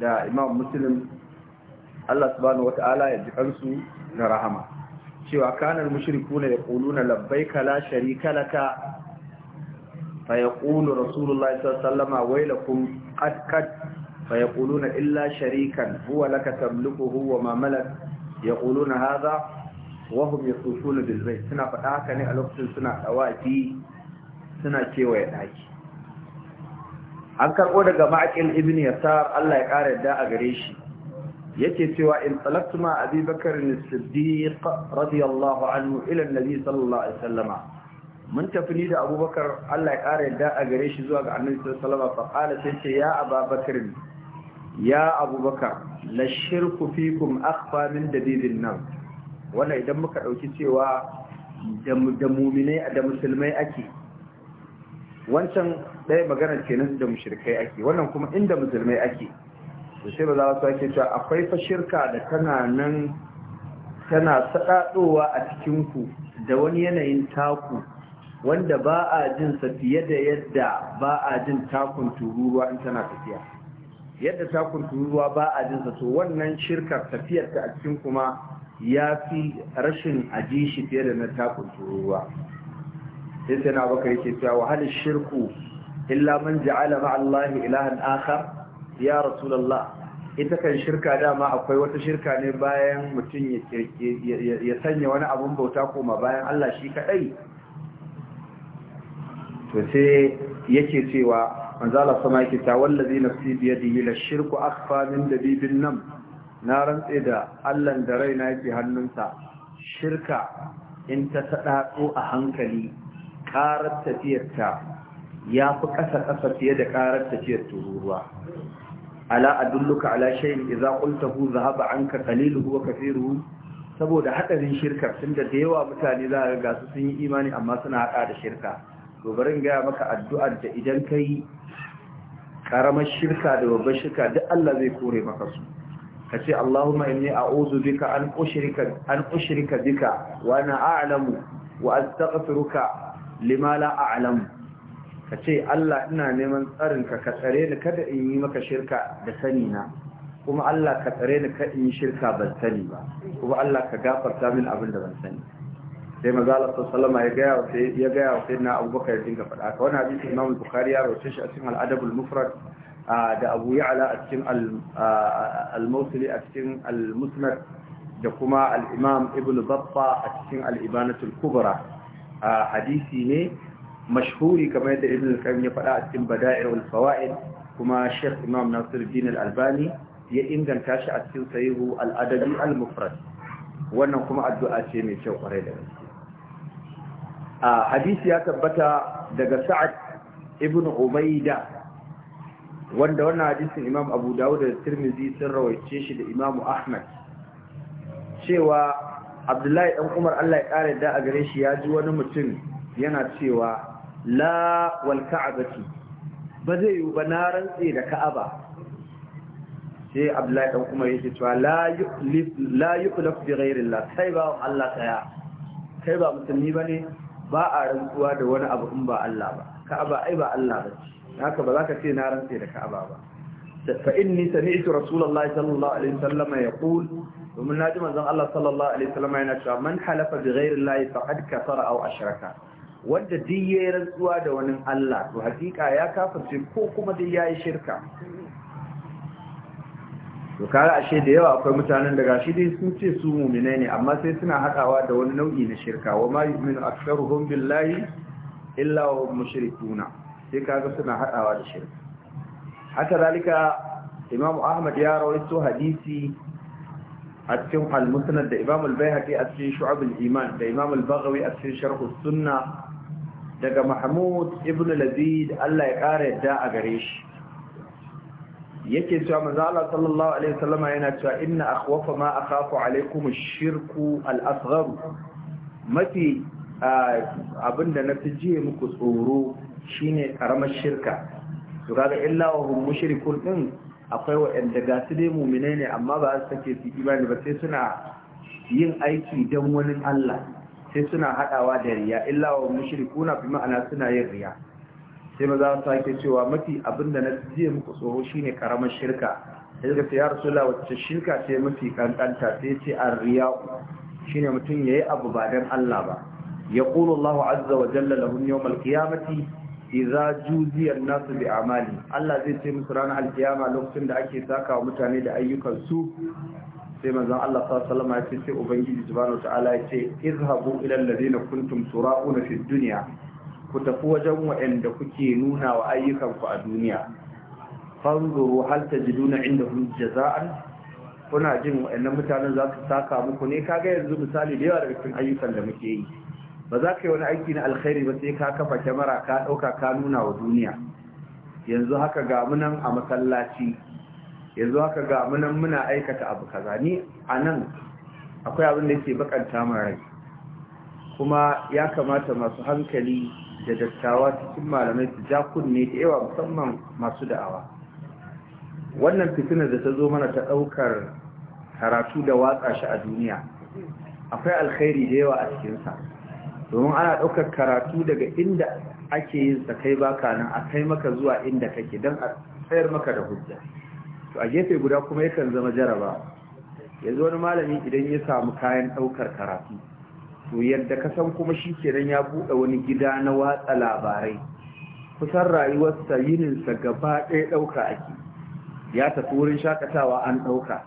da Imam Muslim Allah subhanahu wata'ala ya ji kansu da rahama cewa kanar mushriku ne da kuluna labbaika la sharika laka fa yaqulu rasulullahi sallallahu alaihi wailakum qad qad fa yaquluna illa sharikan huwa laka tamlikuhu wa ma malak yaquluna hadha wa hum yasufuna bil bayt suna fada haka ne a lokacin suna dawaki suna cewa ya daki an karbo daga ma'aqil ibn yasar Allah ya kare da a gare shi yake cewa in talabtu ma abi bakar siddiq radiyallahu anhu ila annabi sallallahu alaihi wasallama mun tafi ni da abubakar Allah ya kara yadda a gare shi zuwa ga annabi sallallahu alaihi wasallama fa qala ya ababakar ya abubakar la shirku fikum akhfa min dabibin nam wannan idan muka dauki cewa da muminai da musulmai ake wancan ɗaya magana kenan da mushrikai ake wannan kuma inda musulmai ake da shi ba za ake cewa akwai fashirka da tana nan tana saɗaɗowa a cikinku da wani yanayin taku wanda ba a jin sa fiye da yadda ba a jin takun tururuwa in tana tafiya yadda takun tururuwa ba a jin sa to wannan shirka tafiyar ta a cikin kuma ya fi rashin aji shi fiye da na takun tururuwa sai sai na baka yake cewa wa shirku illa man ja'ala ma'allahi ilahan akhar ya rasulallah ita kan shirka dama akwai wata shirka ne bayan mutum ya sanya wani abun bauta koma bayan Allah shi kaɗai to sai yake cewa manzala sama yake ta wallazi nafsi biyadihi la shirku akhfa min dabibin nam na rantse da Allah da raina yake hannunsa shirka in ta sadatsu a hankali karar tafiyarta ya fi ƙasa ƙasa fiye da karar tafiyar tururuwa ala adulluka ala shay'in idza qultahu dhahaba anka qaliluhu wa kathiruhu saboda hadarin shirka tunda da yawa mutane za ga su sun yi imani amma suna hada da shirka to barin ga maka addu'ar da idan kai karamar shirka da babbar shirka duk Allah zai kore maka su kace Allahumma inni a'udhu bika an ushrika an ushrika bika wa ana a'lamu wa astaghfiruka lima la a'lamu ka ce Allah ina neman tsarinka ka tsare ni kada in yi maka shirka da sani na kuma Allah ka tsare ni kada in yi shirka ban sani ba kuma Allah ka gafarta min abin da ban sani sai maza Allah sallama ya gaya wa sai ya gaya wa sai na Abubakar din ka faɗa ka wannan hadisi Imam Bukhari ya rawaito shi a cikin Al-Adab mufrad da Abu Ya'la a cikin Al-Mawsili a cikin Al-Musnad da kuma Al-Imam Ibn Battah a cikin Al-Ibanatul Kubra hadisi ne mashhuri kamar da ibn al-qayyim ya faɗa a cikin bada'ir wal fawaid kuma Sheikh Imam Nasiruddin Al-Albani ya inganta shi a cikin sahihu al-adabi al-mufrad wannan kuma addu'a ce mai kyau kwarai da gaske a hadisi ya tabbata daga Sa'ad ibn Ubaida wanda wannan hadisin Imam Abu Dawud da Tirmidhi sun rawaice shi da Imam Ahmad cewa Abdullahi Ɗan Umar Allah ya kare da a gare shi ya ji wani mutum yana cewa la wal ka'abati ba zai yi ba na rantse da ka'aba sai abdullahi dan kuma yake cewa la yuklif la yuklif bi ghairillah kai ba Allah kaya kai ba musulmi bane ba a rantsuwa da wani abu in ba Allah ba ka'aba ai ba Allah ba haka ba za ka ce na rantse da ka'aba ba fa inni sami'tu rasulullahi sallallahu alaihi wasallam yaqul domin naji manzon Allah sallallahu alaihi wasallam yana cewa man halafa bi ghairillah faqad kafara aw ashraka wanda duk yayi rantsuwa da wani Allah to hakika ya kafirce ko kuma duk yayi shirka to kare ashe da yawa akwai mutanen da gashi dai sun ce su mu'minai ne amma sai suna hadawa da wani nau'i na shirka wa ma yu'minu aktharuhum billahi illa wa mushrikuna sai kaga suna hadawa da shirka haka zalika imamu ahmad ya rawaito hadisi a cikin al-musnad da imam al-baihaqi a cikin shu'ab al-iman da imam al-baghawi a cikin sharh sunna daga mahmud ibn labid Allah ya kare da a gare shi yake cewa manzo Allah sallallahu alaihi wasallama yana cewa inna akhwafa ma akhafu alaikum ash-shirku al-asghar mafi abinda na fi jiye muku tsoro shine karamar shirka to kaga illa wa hum mushrikun din akwai waɗanda ga su dai muminai ne amma ba su sake su imani ba sai suna yin aiki don wani Allah sai suna haɗawa da riya illa wa mushrikuna fi ma'ana suna yin riya sai maza su sake cewa mafi abin na jiya muku tsoro shine karamar shirka sai daga ya rasulullah wacce shirka ce mafi kankanta sai ce ar-riya shine mutum yayi abu ba dan Allah ba yaqulu Allahu azza wa jalla lahum yawm al iza juziyar nasu bi amali Allah zai ce musu ranar alkiyama lokacin da ake saka wa mutane da ayyukan su sai manzon Allah sallallahu alaihi wasallam ya ce ubangiji subhanahu wataala ya ce izhabu ila alladhina kuntum turaquna fi dunya ku tafi wajen waɗanda kuke nuna wa ayyukanku a duniya fanzuru hal tajiduna indahum jaza'an kuna jin waɗannan mutanen za su saka muku ne kaga yanzu misali da yawa da cikin ayyukan da muke yi ba za ka yi wani aiki na alkhairi ba sai ka kafa kyamara ka ɗauka ka nuna wa duniya yanzu haka ga munan a masallaci yanzu haka ga munan muna aikata abu kaza ni a nan akwai abin da yake bakanta marai rai kuma ya kamata masu hankali da dattawa cikin malamai su ja kunne da yawa musamman masu da'awa wannan fitinar da ta zo mana ta ɗaukar karatu da watsa shi a duniya akwai alkhairi da yawa a cikinsa domin ana ɗaukar karatu daga inda ake yin sa kai baka nan a kai maka zuwa inda kake don a tsayar maka da hujja to a gefe guda kuma yakan zama jaraba yanzu wani malami idan ya samu kayan ɗaukar karatu to yadda ka san kuma shi kenan ya buɗe wani gida na watsa labarai kusan rayuwarsa yininsa gaba ɗaya ɗauka ake ya tafi wurin shakatawa an ɗauka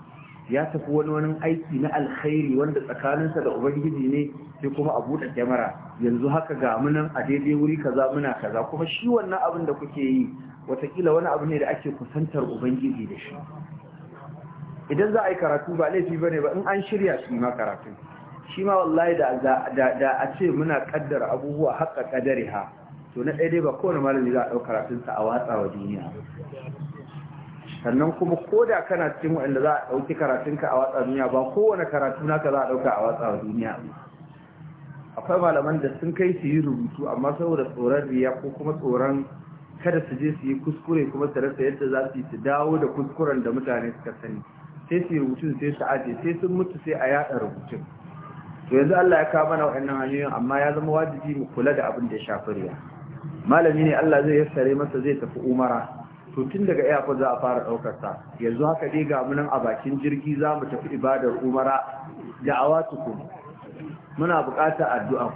ya tafi wani wani aiki na alkhairi wanda tsakaninsa da ubangiji ne sai kuma a buɗe kyamara yanzu haka ga munan a daidai wuri kaza muna kaza kuma shi wannan abin da kuke yi watakila wani abu ne da ake kusantar ubangiji da shi idan za a yi karatu ba laifi ba ne ba in an shirya shi ma karatu shi ma wallahi da a ce muna kaddara abubuwa haka kadari ha to na ɗaya dai ba kowane malami za a ɗau karatunsa a watsa wa duniya sannan kuma ko da kana cikin wanda za a ɗauki karatunka a watsa duniya ba kowane karatu ka za a ɗauka a watsa duniya akwai malaman da sun kai su yi rubutu amma saboda tsoron riya ko kuma tsoron kada su je su yi kuskure kuma su rasa yadda za su yi su dawo da kuskuren da mutane suka sani sai su yi rubutun sai su aje sai sun mutu sai a yaɗa rubutun to yanzu Allah ya kawo mana wa'annan hanyoyin amma ya zama wajibi mu kula da abin da ya shafi riya malami ne Allah zai yassare masa zai tafi umara to tun daga iyafa za a fara daukar sa yanzu haka dai ga munan a bakin jirgi za mu tafi ibadar umara awa tukun muna buƙatar addu'a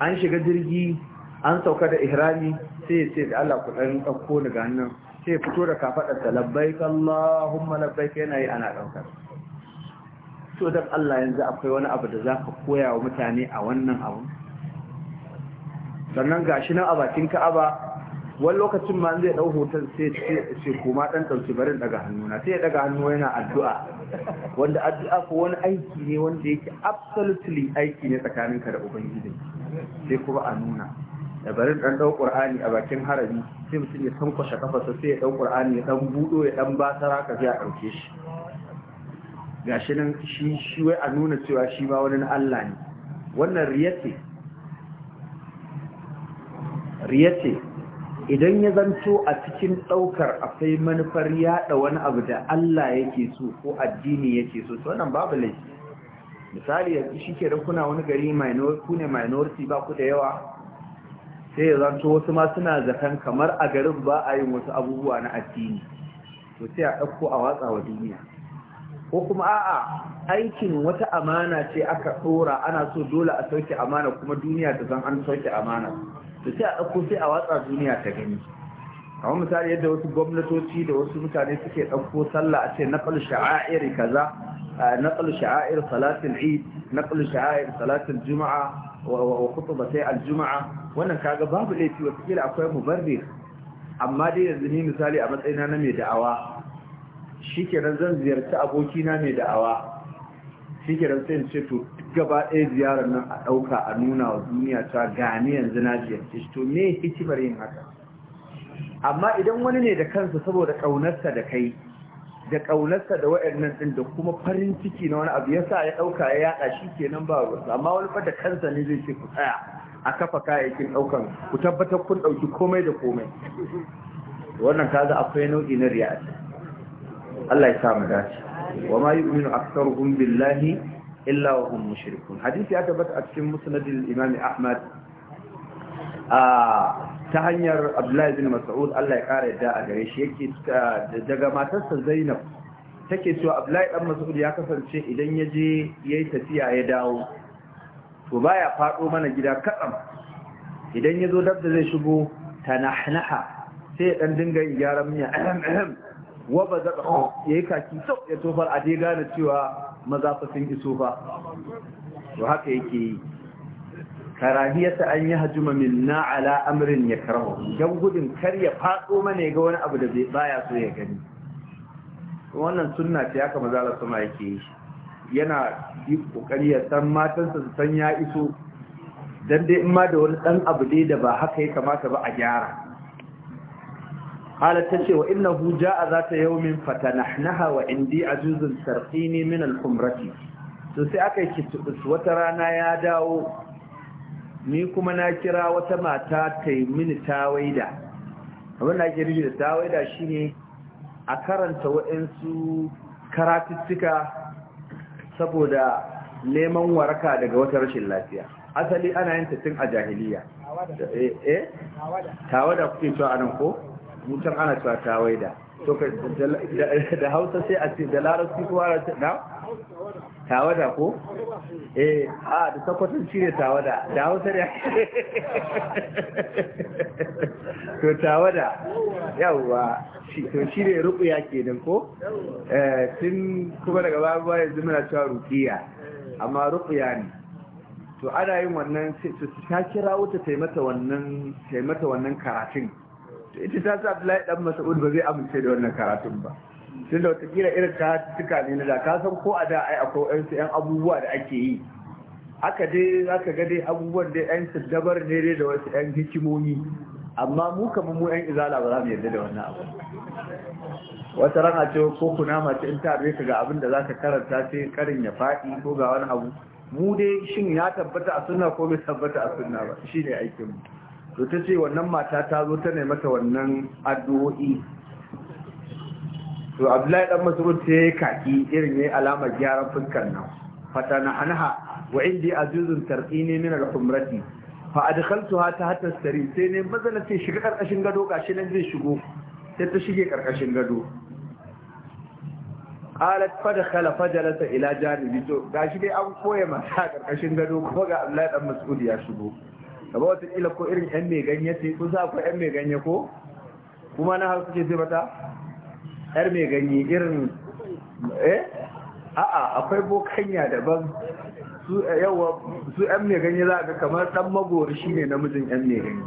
an shiga jirgi an sauka da ihrami sai ya ce da Allah ku dan dauko ni ga nan sai fito da kafadar ta labbaik Allahumma labbaik yana yi ana daukar to dan Allah yanzu akwai wani abu da zaka koya wa mutane a wannan abu sannan gashi nan a bakin Ka'aba wani lokacin ma zai dau hoton sai ce kuma dan dauki barin daga hannuna sai ya daga hannu yana addu'a wanda addu'a ko wani aiki ne wanda yake absolutely aiki ne tsakaninka da ubangiji sai kuma a nuna da barin dan dau qur'ani a bakin harami sai mutum ya tankwashe kafarsa sai ya dau qur'ani ya dan budo ya dan basara ka sai a dauke shi gashi nan shi shi wai a nuna cewa shi ba wani na Allah ne wannan riya ce riya ce idan ya zanto a cikin ɗaukar akwai manufar yaɗa wani abu da Allah yake so ko addini yake so to wannan babu laifi misali yanzu shi ke kuna wani gari ku ne minority ba ku da yawa sai ya zanto wasu ma suna zakan kamar a garin ba a yin wasu abubuwa na addini to sai a ɗauko a watsa wa duniya ko kuma a'a aikin wata amana ce aka ɗora ana so dole a sauke amana kuma duniya ta zan an sauke amana to sai a ɗauko sai a watsa duniya ta gani kamar misali yadda wasu gwamnatoci da wasu mutane suke ɗauko sallah a ce naqal sha'air kaza naqal sha'air salatul eid naqal sha'air salatul juma'a wa sai al-juma'a wannan kaga babu laifi wa kila akwai mubarrir amma dai yanzu ni misali a matsayina na mai da'awa shikenan zan ziyarci abokina mai da'awa shi ke sai ce to gaba ɗaya ziyarar nan a ɗauka a nuna wa duniya ta gane yanzu na ziyarce shi to me hikimar yin haka amma idan wani ne da kansa saboda ƙaunarsa da kai da ƙaunarsa da wa'annan ɗin da kuma farin ciki na wani abu ya sa ya ɗauka ya yaɗa shi ke nan ba wasu amma wani fa da kansa ne zai ce ku tsaya a kafa kayayyakin ɗaukan ku tabbatar kun ɗauki komai da komai wannan kaza akwai nau'i na riya Allah ya sa mu dace وما يؤمن أكثرهم بالله إلا وهم مشركون حديث a cikin مسند Imami Ahmad ta hanyar Abdullahi bin Mas'ud Allah ya kare da a gare shi yake daga matarsa Zainab take cewa Abdullahi dan Mas'ud ya kasance idan yaje je yayi tafiya ya dawo to baya fado mana gida katsam idan ya zo dab da zai shigo tanahnaha sai ya ɗan dinga gyaran miya ahem ahem wa ba zaɓa ya yi kaki sau ya tofar a dai gane cewa maza iso ba to haka yake yi karahiyata an yi hajjuma na ala amrin ya karho. don gudun kar ya faɗo mana ya ga wani abu da baya so ya gani wannan sunna ce haka maza sama yake yi yana yi kokari ya san matansa su san ya iso dan dai in ma da wani dan abu dai da ba haka ya kamata ba a gyara قالت تشي وإنه جاء ذات يوم فتنحنها وعندي عجوز سرقيني من الحمرة سوسي أكي كتبس وترانا يا داو نيكم ناكرا وتما تاتي من تاويدا وانا جريج تاويدا شيني أكرن توئنسو karatuttuka saboda neman waraka daga wata rashin lafiya asali ana yin tun a jahiliya تاودا kuke cewa anan ko mutum ana cewa tawai da to da hausa sai a ce da larabci kuma ana tawada ko eh a da sakwatin shi ne tawada da hausa ne *laughs* to tawada yawwa to shi ne ke kenan ko eh tun kuma daga babu ba yanzu muna cewa rukiya amma rubuya ne to ana yin wannan ta kira wuta taimata wannan karatun ita ta sa Abdullahi dan Mas'ud ba zai amince da wannan karatun ba tun da wataƙila irin karatuka ne na da ka san ko a da a akwai yansu yan abubuwa da ake yi haka dai zaka ga dai abubuwan dai yan dabar ne dai da wasu yan hikimomi amma mu kamar mu yan izala ba za mu yarda da wannan abu wata ran a ce ko kuna mace in ta ka ga abin da zaka karanta sai karin ya faɗi ko ga wani abu mu dai shin ya tabbata a sunna ko bai tabbata a sunna ba shine aikin mu to ta ce wannan mata ta zo ta ne mata wannan addu'o'i to abdullahi dan ta yi kaki irin yayi alamar gyaran fuskar nan fatana anha wa indi azizun tarqini min al-humrati fa adkhaltuha ta hatta sari sai ne mazana ce shiga karkashin gado gashi nan zai shigo sai ta shige karkashin gado qalat fa dakhala fa jalasa ila janibi to gashi dai an koya mata karkashin gado kuma ga Allah dan Mas'ud ya shigo amma wataƙila ko irin yan mai ganye ce kun sa akwai yan mai ganye ko kuma na hausa suke zubata mata mai ganye irin eh a'a akwai bokanya daban su yawa su yan mai ganye za ga kamar dan magori shine namijin yan mai ganye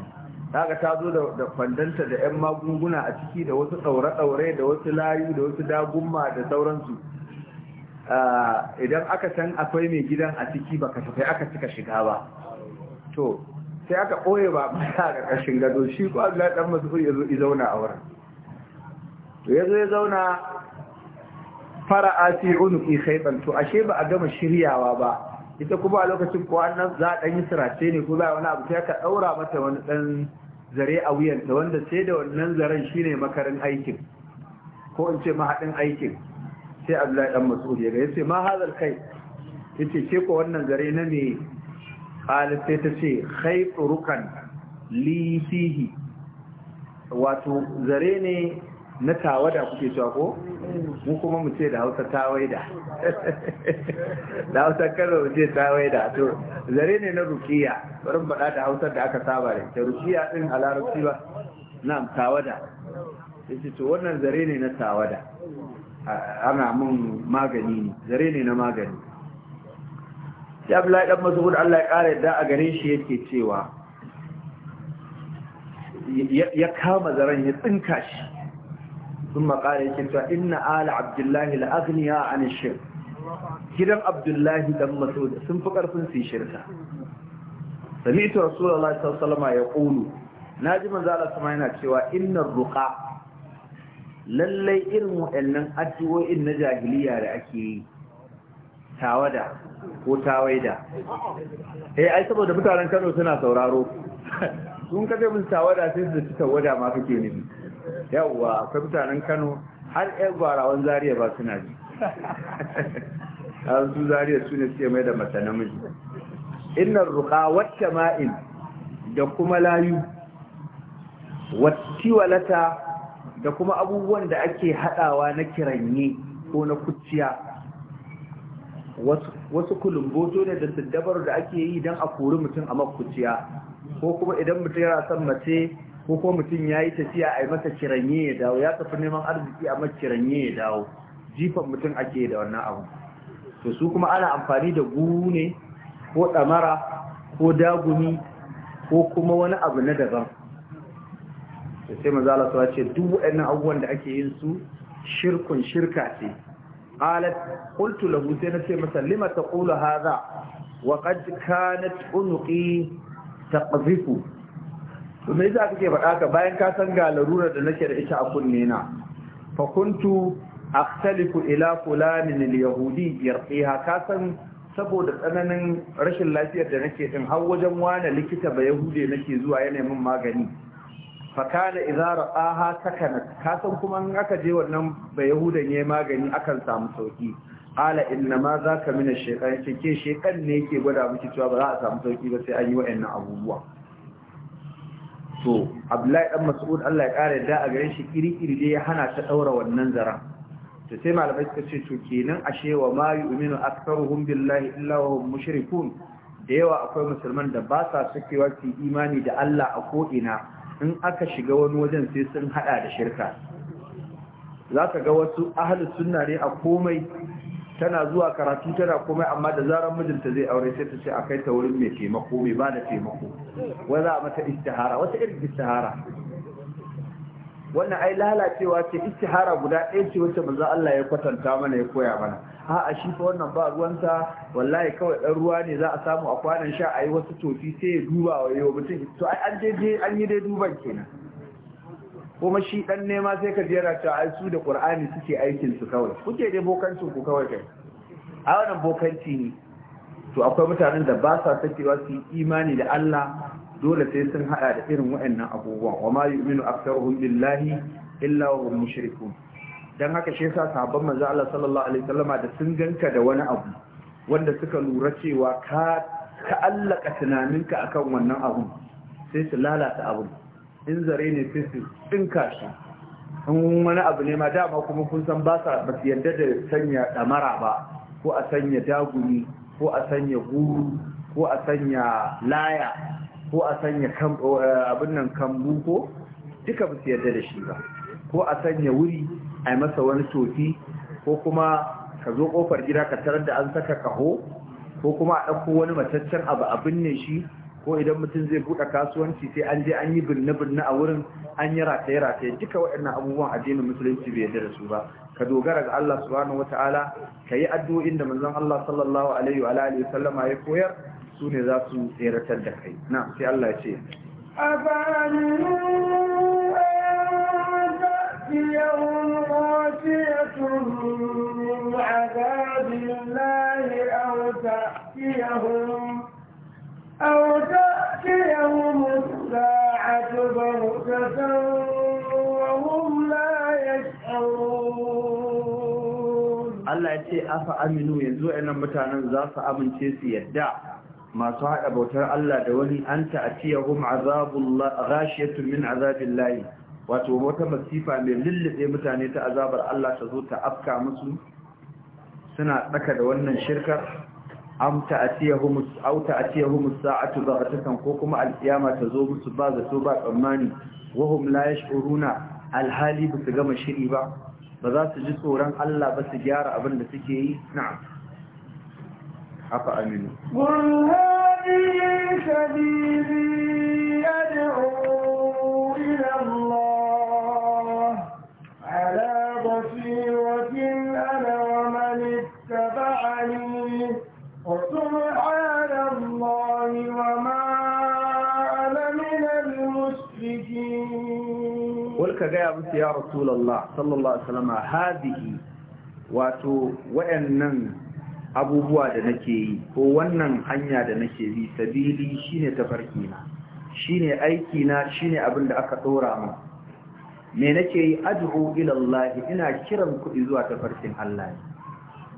kaga ta zo da kwandanta da 'yan magunguna a ciki da wasu ɗaure-ɗaure da wasu layu da wasu dagumma da sauransu idan aka san akwai mai gidan a ciki baka tafi aka cika shiga ba to sai aka ɓoye ba mata da ƙarshen gado shi ko abu ɗan masu ya zo zauna a wurin ya zo ya zauna fara'a fi unuki khaitan ashe ba a gama shiryawa ba ita kuma a lokacin ko annan za a ɗan yi sirace ne ko za a wani abu sai aka ɗaura mata wani ɗan zare a wuyanta wanda sai da wannan zaren shine makarin aikin ko in ce mahaɗin aikin sai abu ɗan Mas'ud ya ga ce ma hazar kai Ita ce ko wannan zare na me qalat sai ta ce khayrukan li fihi wato zare ne na tawada kuke cewa ko mu kuma mu ce da Hausa tawaida da Hausa karo mu ce tawaida to zare ne na rukiya mu bada da Hausa da aka saba da rukiya din a larabci ba na'am tawada sai to wannan zare ne na tawada ana mun magani ne zare ne na magani sai abdullahi dan mas'ud Allah ya kare da a gare shi yake cewa ya kama zaran ya tsinka shi sun makara yake cewa inna ala abdullahi la'agniya an shirk gidan abdullahi dan mas'ud sun fi karfin su shirka sami'tu rasulullahi sallallahu alaihi wasallam ya qulu naji manzo Allah sama yana cewa innar ruqa lallai irin waɗannan addu'o'in na jahiliya da ake yi tawada ko tawaida eh ai saboda mutanen Kano suna sauraro *laughs* sun kaje mun tawada sai su ci tawada ma kake nufi yawa akwai mutanen Kano har ƴan gwarawan Zaria ba suna ji har *laughs* su Zaria su ne suke mai da mata namiji innar ruqa wacce ma'in da kuma layu wattiwalata da kuma abubuwan da ake hadawa na kiranye ko na kuciya wasu kulumboto ne da siddabar da ake yi don a kori mutum a makwuciya ko kuma idan mutum yana son mace ko kuma mutum ya yi tafiya a yi masa kiranye ya dawo ya tafi neman arziki a masa kiranye ya dawo jifan mutum ake da wannan abu to su kuma ana amfani da guru ne ko ɗamara ko dagumi ko kuma wani abu na daban to sai mazala su ce duk waɗannan abubuwan da ake yin su shirkun shirka ce qalat qultu lahu sai nace masa lima taqulu hadha wa qad kanat unqi me kake faɗa ka bayan ka san ga larurar da nake da ita a kunne na fa kuntu akhtalifu ila fulanin al-yahudi yarqiha ka san saboda tsananin rashin lafiyar da nake din har wajen wani likita ba yahude nake zuwa yana min magani fakana izara aha sakanat kasan kuma in aka je wannan ba yahudan yayi magani akan samu sauki ala inna ma za ka mina shaytan ke shaytan ne yake gwada miki cewa ba za a samu sauki ba sai an yi wa'annan abubuwa to abdullahi dan mas'ud Allah ya kare da a gare shi kiri-kiri dai ya hana ta daura wannan zara. to sai malamai suka ce to kenan ashe wa ma yu'minu aktharuhum billahi illa wa hum mushrikun da yawa akwai musulman da ba sa sakewa su imani da Allah a ko ina in aka shiga wani wajen sai sun hada da shirka za ka ga wasu ahalus suna ne a komai tana zuwa karatu tana komai amma da zarar mijinta zai aure sai ta ce a kai ta wurin mai taimako mai ba da taimako Wani a mata istihara wata irin istihara wannan ai lalacewa ce istihara guda ɗaya ce wacce manzo Allah ya kwatanta mana ya koya mana ha a shi fa wannan ba ruwansa wallahi kawai dan ruwa ne za a samu a kwanan sha a yi wasu tofi sai ya duba wa yau mutum to ai an je an yi dai duban kenan kuma shi dan nema sai ka jera ta ai su da qur'ani suke aikin su kawai kuke dai bokancin ku kawai kai a wannan bokanci ne to akwai mutanen da ba sa sakewa su yi imani da Allah dole sai sun hada da irin waɗannan abubuwan wa ma yu'minu aktsaruhum billahi illa wa mushrikun don haka shi yasa sahabban manzo Allah sallallahu alaihi wasallama da sun ganka da wani abu wanda suka lura cewa ka ka allaka tunaninka akan wannan abu sai su lalata abu in zare ne sai su dinka shi in wani abu ne ma dama kuma kun san ba sa ba yarda da sanya damara ba ko a sanya daguni, ko a sanya guru ko a sanya laya ko a sanya eh, abin nan kambu ko duka ba su yarda da shi ba ko a sanya wuri a yi masa wani tofi ko kuma ka zo kofar gida ka tarar da an saka kaho ko kuma a ɗauko wani mataccen abu a binne shi ko idan mutum zai buɗe kasuwanci sai an je an yi birne-birne a wurin an yi rataye-rataye duka waɗannan abubuwan addinin musulunci bai yarda da su ba ka dogara ga Allah subhanahu wata'ala ka yi addu'o'in da manzon Allah sallallahu alaihi wa alihi sallama ya koyar su ne za su tseratar da kai na sai Allah ya ce تأتيهم غاشية من عذاب الله أو تأتيهم أو تأتيهم الساعة بغتة وهم لا يشعرون الله يتي أفا أمنوا يزوء أن متانا زاف أمن تيسي يدع ما صاحب أبو ترى الله Allah أنت أتيهم عذاب الله غاشية من عذاب الله wato wata masifa mai lullube mutane ta azabar Allah ta zo ta afka musu suna tsaka da wannan shirkar am ta'atiyahumus aw ta'atiyahumus sa'atu baghtatan ko kuma alkiyama ta zo musu ba zato ba tsammani wahum la yash'uruna alhali ba su gama shiri ba ba za su ji tsoron Allah ba su gyara abin da suke yi na'am haka aminu wallahi gaya musu ya rasulallah sallallahu alaihi wasallam hadihi wato wayannan abubuwa da nake yi ko wannan hanya da nake bi sabili shine tafarki na shine aiki na shine abin da aka dora min me nake yi ad'u ila Allah ina kiran ku zuwa tafarkin Allah ne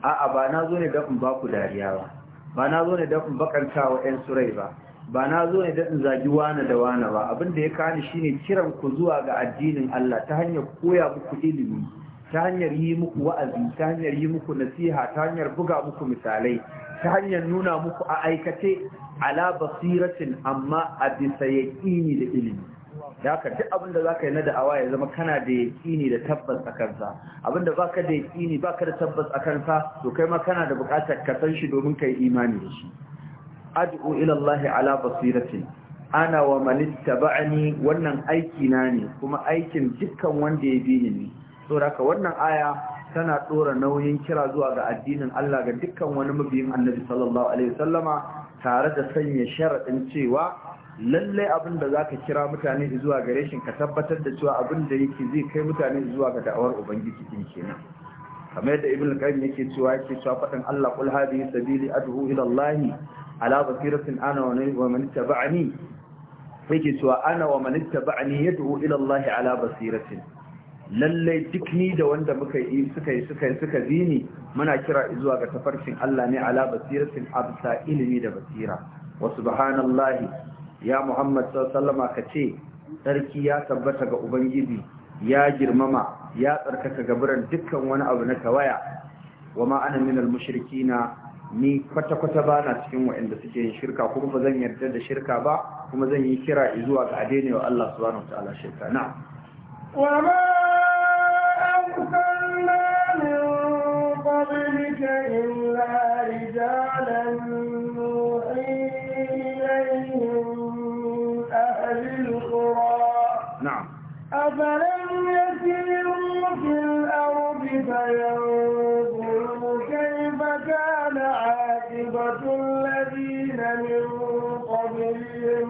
a'a ba na zo ne da in ba ku dariya ba ba na zo ne da in bakanta wa ƴan surai ba ba na zo ne daɗin zagi wane da wane ba abin da ya kani shine kiran ku zuwa ga addinin Allah ta hanyar koya muku ilimi ta hanyar yi muku wa'azi ta hanyar yi muku nasiha ta hanyar buga muku misalai ta hanyar nuna muku a aikace ala basiratin amma a bisa yaƙini da ilimi da haka duk abin da zaka yi na da'awa ya zama kana da yaƙini da tabbas a kansa abin da baka da yaƙini baka da tabbas a kansa to kai ma kana da buƙatar ka san shi domin kai imani da shi ad'u ila Allah ala basiratin ana wa man ittaba'ani wannan aiki na ne kuma aikin dukkan wanda ya bi ni saboda wannan aya tana dora nauyin kira zuwa ga addinin Allah ga dukkan wani mabiyin Annabi sallallahu alaihi wasallama tare da sanya sharadin cewa lallai abin da zaka kira mutane zuwa gare shi ka tabbatar da cewa abin da yake zai kai mutane zuwa ga da'awar ubangiji din kenan kamar yadda ibn qayyim yake cewa yake cewa fadan Allah kul hadi sabili ad'u ila Allah ala basiratin ana wa man tabani yake cewa ana wa man tabani yad'u ila Allah ala basiratin lalle duk ni da wanda muka yi suka yi suka suka bi ni muna kira zuwa ga tafarkin Allah ne ala basiratin absa ilimi da basira wa subhanallahi ya Muhammad sallallahu alaihi kace sarki ya tabbata ga ubangiji ya girmama ya tsarkaka gaburan dukkan wani abu na tawaya wa ma ana minal mushrikina ni kwata-kwata ba na cikin waɗanda suke yin shirka kuma ba zan yarda da shirka ba kuma zan yi kira zuwa ga adene wa Allah subhanahu wa ta'ala shirka na wa ma arsalna min qablika illa rijalan nuhi ahli al-qura na'am نعمة الذين من قبلهم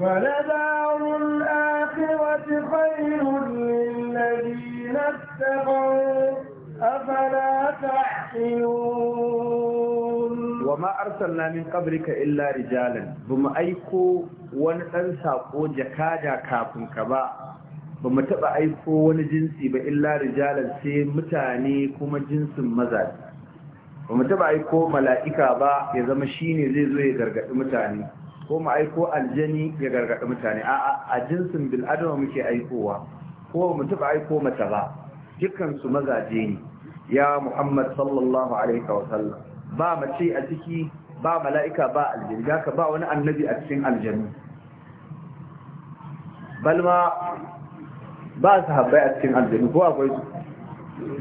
ولدار الآخرة خير للذين اتقوا أفلا تعقلون وما أرسلنا من قبلك إلا رجالا بما أيكو ونأنسى جكاجا كافن كبا ba mu taɓa aiko wani jinsi ba illa rijalar sai mutane kuma jinsin mazaje ba mu taba aiko mala'ika ba ya zama shi ne zai zo ya gargaɗi mutane ko mu aiko aljani ya gargaɗi mutane a'a a jinsin bil adama muke aikowa ko mu taba aiko mata ba dukkan su mazaje ne ya Muhammad sallallahu alaihi wa sallam ba mace a ciki ba mala'ika ba aljani ka ba wani annabi a cikin aljanu balma ba sahabbai a cikin aljanu ko akwai su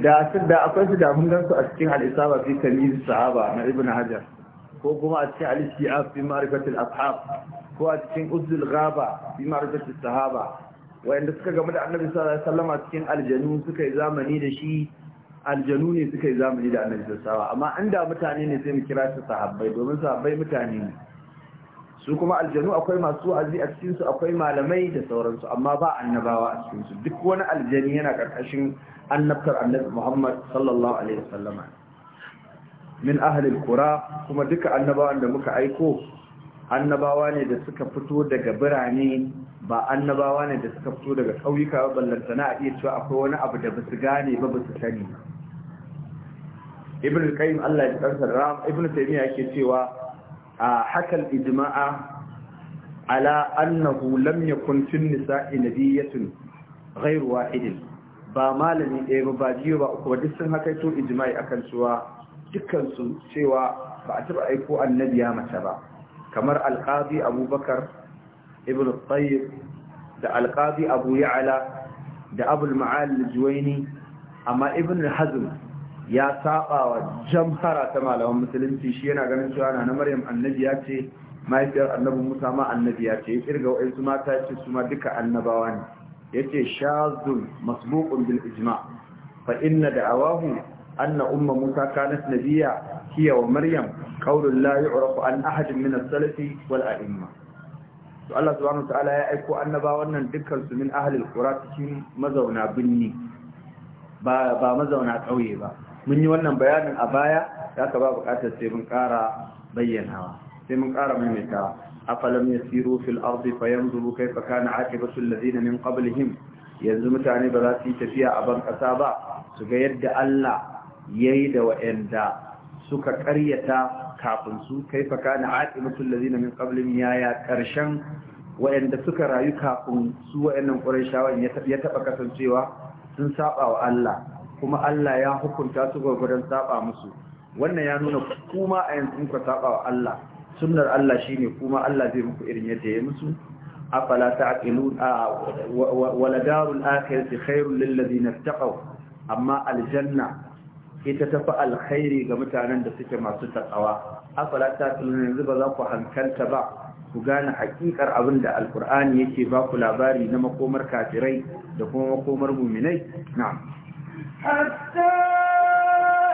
da da akwai su da mun su a cikin al-isaba fi tamyiz sahaba na ibn hajar ko kuma a cikin al-istiaf fi ma'rifat al-ashab ko a cikin usul ghaba fi ma'rifat sahaba wanda suka gamu da annabi sallallahu alaihi wasallam a cikin aljanu suka yi zamani da shi aljanu ne suka yi zamani da annabi sallallahu alaihi wasallam amma an da mutane ne sai mu kira su sahabbai domin sahabbai mutane ne su kuma aljanu akwai masu wa'azi a cikinsu su akwai malamai da sauransu amma ba annabawa a cikinsu. duk wani aljani yana karkashin annabtar annabi Muhammad sallallahu alaihi wasallam min ahlil kura, kuma duka annabawan da muka aiko annabawa ne da suka fito daga birane ba annabawa ne da suka fito daga kauyuka ba ballantana a iya cewa akwai wani abu da ba su gane ba ba su sani ibn qayyim Allah ya tsarsa ram ibn taymiya yake cewa حكى الإجماع على أنه لم يكن في النساء نبية غير واحد ba malami ɗaya ba ba jiyo ba uku duk sun haka to ijma'i akan cewa dukkansu cewa ba a taɓa aiko annabi ya mace ba kamar alƙazi abubakar ibn tayyib da alƙazi abu ya'ala da abul ma'al juwaini amma ibn hazm ya saba wa jamhara ta malaman musulunci shi yana ganin cewa na na maryam annabi ya ce mahaifiyar annabi musa ma annabi ya ce ya kirga wa'insu mata ce su ma duka annabawa ne ya ce shazun masbuqun bil ijma fa inna da'awahu anna umma musa kanat Nabiya, hiya wa maryam qaulun Layi, yu'rafu an ahadin min salafi wal a'imma to Allah subhanahu ta'ala ya aiko annabawan nan dukkan su min ahlil qura cikin mazauna binni ba mazauna ƙauye ba mun yi wannan bayanin a baya ya ka ba buƙatar sai mun ƙara bayyanawa sai mun ƙara maimaitawa afalam yasiru fil ardi fayanzuru kayfa ake aqibatu alladhina min qablihim yanzu mutane ba za su yi tafiya a ban ba su ga yadda Allah yayi da wa'anda suka karyata kafin su kaifa ake aqibatu alladhina min qablihim yaya karshen wa'anda suka rayu kafin su wa'annan Qurayshawan ya taɓa kasancewa sun saba wa Allah kuma Allah ya hukunta su gwagwaran saba musu wannan ya nuna kuma a yanzu kuka saba wa Allah sunnar Allah shine kuma Allah zai muku irin yadda ya musu afala ta'qilun wala darul akhirati khairul lil ladina taqaw amma aljanna ita tafi alkhairi ga mutanen da suke masu taqawa afala ta'qilun yanzu ba za ku hankalta ba ku gane hakikar abin da alqur'ani yake ba ku labari na makomar kafirai da kuma makomar mu'minai na'am حتى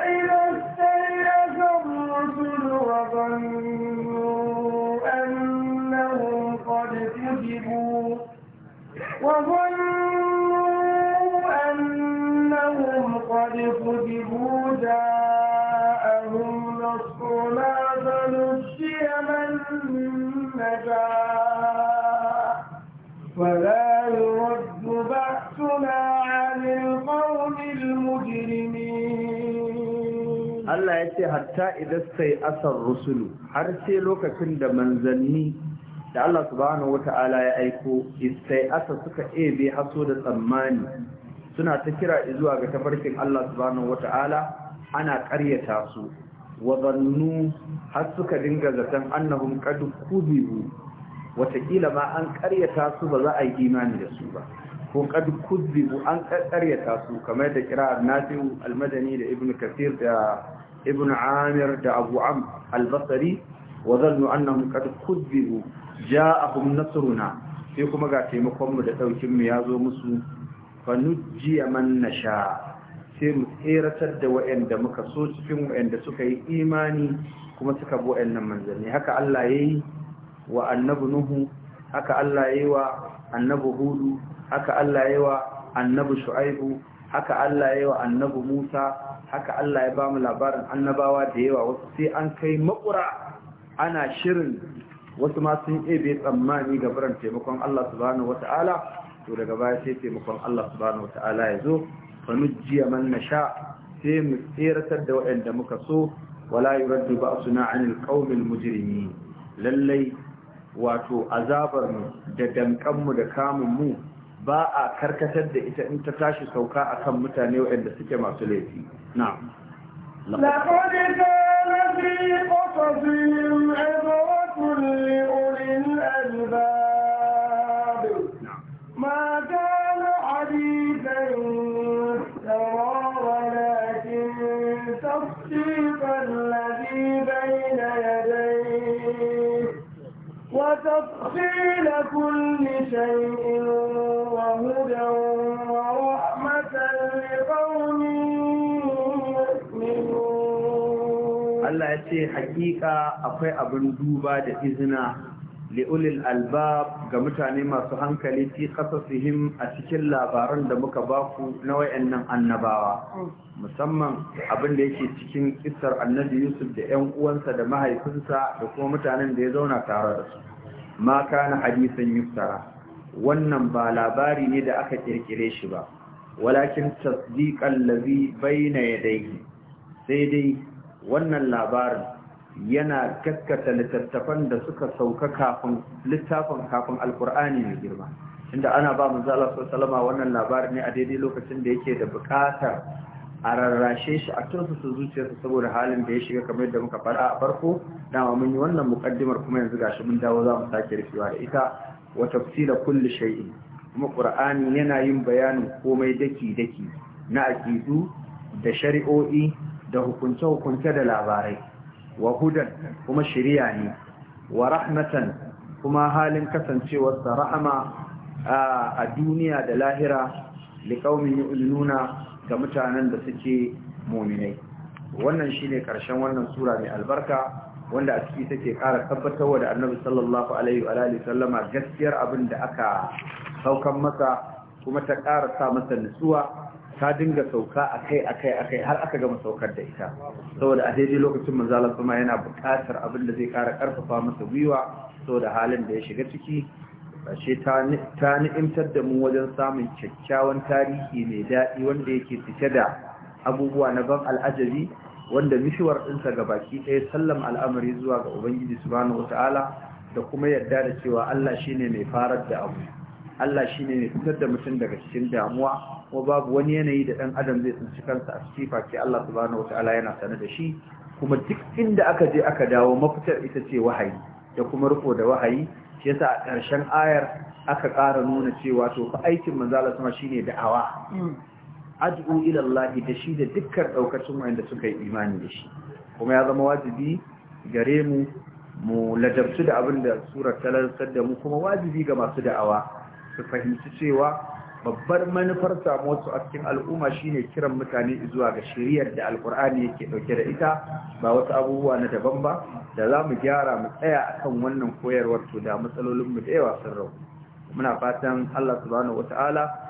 إذا استيأس الرسل وظنوا أنهم قد كذبوا وظنوا أنهم قد كذبوا جاءهم نصرنا فنجي من نجا ولا Allah ya ce hatta idan sai asar rusulu har sai lokacin da manzanni da Allah subhanahu wata'ala ya aiko istai asa suka ebe haso da tsammani suna ta kira zuwa ga tafarkin Allah subhanahu wata'ala ana ƙaryata su wa zannu har suka dinga zaton annahum qad kuzibu watakila ma an ƙaryata su ba za a yi imani da su ba ko qad kuzibu an ƙaryata su kamar da kira Nafi'u al-Madani da Ibn Kathir da ibn amir da abu am albasari wa zannu annahum qad kuzzibu ja'ahum nasruna sai kuma ga taimakon mu da daukin mu yazo musu fa nujji man nasha sai mu tseratar da wa'anda muka so cikin wa'anda suka yi imani kuma suka bi wa'annan manzanni haka Allah yayi wa annabi nuhu haka Allah yayi wa annabi hudu haka Allah yayi wa annabi shu'aibu haka Allah ya yi wa annabi Musa haka Allah ya ba mu labarin annabawa da yawa wasu sai an kai makura ana shirin wasu ma sun ebe tsammani ga biran taimakon Allah subhanahu wata'ala to daga baya sai taimakon Allah subhanahu wata'ala ya zo fa nujjiya man nasha sai mu tseratar da waɗanda muka so wala yuraddu ba'suna 'anil qaumil mujrimin lallai wato azabar mu da dankan mu da kamun mu ba a karkatar da ita in ta tashi sauka akan mutane waɗanda suke masu laifi لقد كان في قصصهم عبرة لأولي الألباب نعم. ما كان حديثا تصديق الذي بين يديه وتفصيل كل شيء وهدى ورحمة لقوم Allah ya ce hakika akwai abin duba da izina li'ulil albab ga mutane masu hankali fi kasasihim a cikin labaran da muka baku na wayannan annabawa musamman abin da yake cikin kissar annabi yusuf da ƴan uwansa da mahaifinsa da kuma mutanen da ya zauna tare da su ma kana hadisin yusara wannan ba labari ne da aka kirkire shi ba walakin tasdiqan ladhi bayna yadayhi sai dai wannan labarin yana gaskata littattafan da suka sauka kafin littafin kafin alqur'ani mai girma inda ana ba zala Allah sallallahu wannan labarin ne a daidai lokacin da yake da buƙatar a rarrashe shi a su zuciyarsa saboda halin da ya shiga kamar yadda muka fara a farko dama mun yi wannan muƙaddimar kuma yanzu gashi mun dawo za mu sake rufewa da ita wa tafsila kulli shay'in kuma qur'ani yana yin bayanin komai daki daki na aqidu da shari'o'i da hukunce hukunce da labarai wa hudan kuma shari'a ne wa rahmatan kuma halin kasancewar sa rahama a duniya da lahira liqaumin yu'minuna ga mutanen da suke mu'minai wannan shine karshen wannan sura mai albarka wanda a ciki take ƙara tabbatar da annabi sallallahu alaihi wa alihi sallama gaskiyar abin da aka saukan masa kuma ta ƙara sa masa nutsuwa ta dinga sauka akai akai akai har aka gama saukar da ita saboda a daidai lokacin manzalar kuma yana buƙatar abin da zai ƙara ƙarfafa masa gwiwa saboda halin da ya shiga ciki ashe ta ni'imtar da mu wajen samun kyakkyawan tarihi mai daɗi wanda yake cike da abubuwa na ban al'ajabi wanda mishiwar ɗinsa ga baki ɗaya sallam al'amari zuwa ga ubangiji subhanahu wata'ala da kuma yarda da cewa Allah shine mai farar da abu Allah shine mai fitar da mutum daga cikin damuwa kuma babu wani yanayi da ɗan adam zai tsinci kansa a cikin face Allah subhanahu wata'ala yana sane da shi kuma duk inda aka je aka dawo mafitar ita ce wahayi da kuma riko da wahayi shi yasa a ƙarshen ayar aka ƙara nuna cewa to fa aikin manzala sama shine da'awa mm. ad'u ila Allah da shi da dukkan daukacin wanda suka yi imani da shi kuma ya zama wajibi gare mu mu ladabtu da abin da surar talantar da mu kuma wajibi ga masu da'awa su fahimci cewa babbar manufar samu wasu a cikin al'umma shine kiran mutane zuwa ga shiriyar da alkur'ani yake dauke da ita ba wasu abubuwa na daban ba da za mu gyara mu tsaya akan wannan koyarwar to da matsalolin mu da yawa sun rau muna fatan Allah subhanahu wataala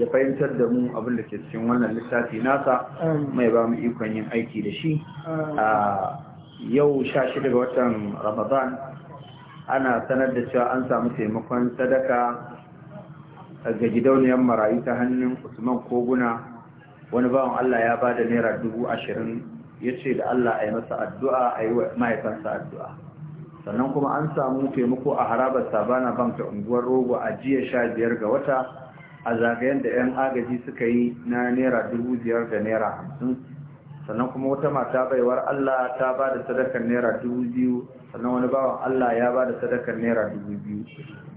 ya fahimtar da mu abin da ke cikin wannan littafi nasa mai ba mu ikon yin aiki da shi a yau sha shida ga watan ramadan ana sanar da cewa an samu taimakon sadaka ga gidauniyar marayu ta hannun usman koguna wani bawan allah ya ba da naira dubu ashirin ya ce da allah a yi masa addu'a a yi mahaifansa addu'a sannan kuma an samu taimako a harabar sabana bank ta unguwar rogo a jiya sha biyar ga wata a zagayen da 'yan agaji suka yi na naira dubu biyar da naira hamsin sannan kuma wata mata baiwar Allah ta ba da sadakar naira dubu biyu sannan wani bawan Allah ya ba da sadakar naira dubu biyu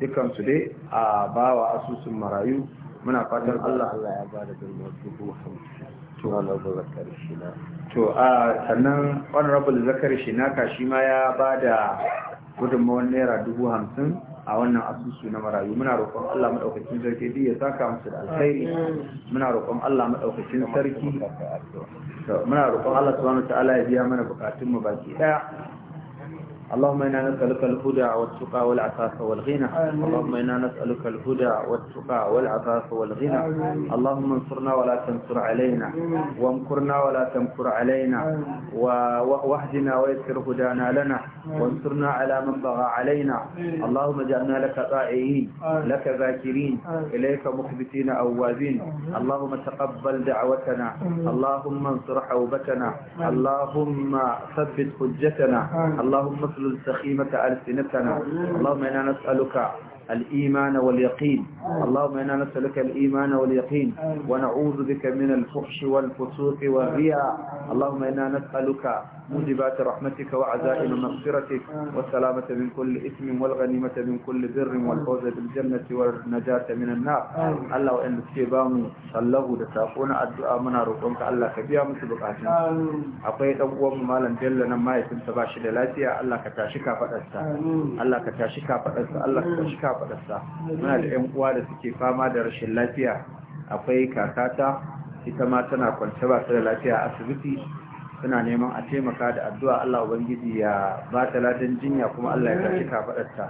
dukansu dai a bawa asusun marayu muna fatan Allah Allah ya ba da dubu hamsin to a sannan honorable zakar shinaka shi ma ya ba da gudunmawar naira dubu hamsin a wannan asusu na marayu muna roƙon Allah madaukakin sarki duk ya saka musu da alkhairi muna roƙon Allah madaukakin sarki muna roƙon Allah subhanahu ta'ala ya biya mana bukatun mu baki ɗaya. اللهم إنا نسألك الهدى والتقى والعفاف والغنى اللهم إنا نسألك الهدى والتقى والعفاف والغنى اللهم انصرنا ولا تنصر علينا وامكرنا ولا تمكر علينا واهدنا ويسر هدانا لنا وانصرنا على من بغى علينا اللهم اجعلنا لك طائعين لك ذاكرين إليك مخبتين أوابين اللهم تقبل دعوتنا اللهم انصر حوبتنا اللهم ثبت حجتنا اللهم السخيمة سخيمة ألسنتنا اللهم إنا نسألك الإيمان واليقين اللهم إنا نسألك الإيمان واليقين ونعوذ بك من الفحش والفسوق والرياء اللهم إنا نسألك موجبات رحمتك وعزائم مغفرتك والسلامة من كل إثم والغنيمة من كل بر والفوز بالجنة والنجاة من النار الله وإن تشيبام صلوه لتاقون الدعاء منا رقمك الله كبيا مسبق عشان أقوي أبوام مالا جلنا ما يتم سباش للاتيا الله كتاشكا فأسا الله كتاشكا فأسا الله كتاشكا فأسا من الأموال سكي فاما درش اللاتيا أقوي كاكاتا ita ma tana kwance ba ta da lafiya a asibiti suna neman a taimaka da addu'a Allah Ubangiji ya ba ta ladan jinya kuma Allah ya tashi kafaɗarta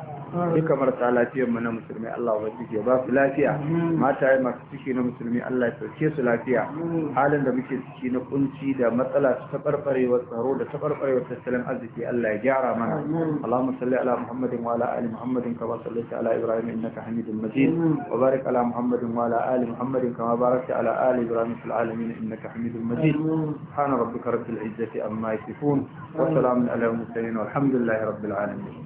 duka marasa lafiyar mu na musulmi Allah Ubangiji ya ba su lafiya mata masu ciki na musulmi Allah ya sauke su lafiya halin da muke ciki na kunci da matsala ta tabarbarewar tsaro da tabarbarewar tattalin arziki Allah ya gyara mana Allahumma salli ala Muhammadin wa ala ali Muhammadin kama sallaita ala Ibrahim innaka Hamidum Majid wa barik ala Muhammadin wa ala ali Muhammadin kama barakta ala ali Ibrahim fil alamin innaka Hamidum Majid subhana rabbika rabbil العزة أما يصفون وسلام على المرسلين والحمد لله رب العالمين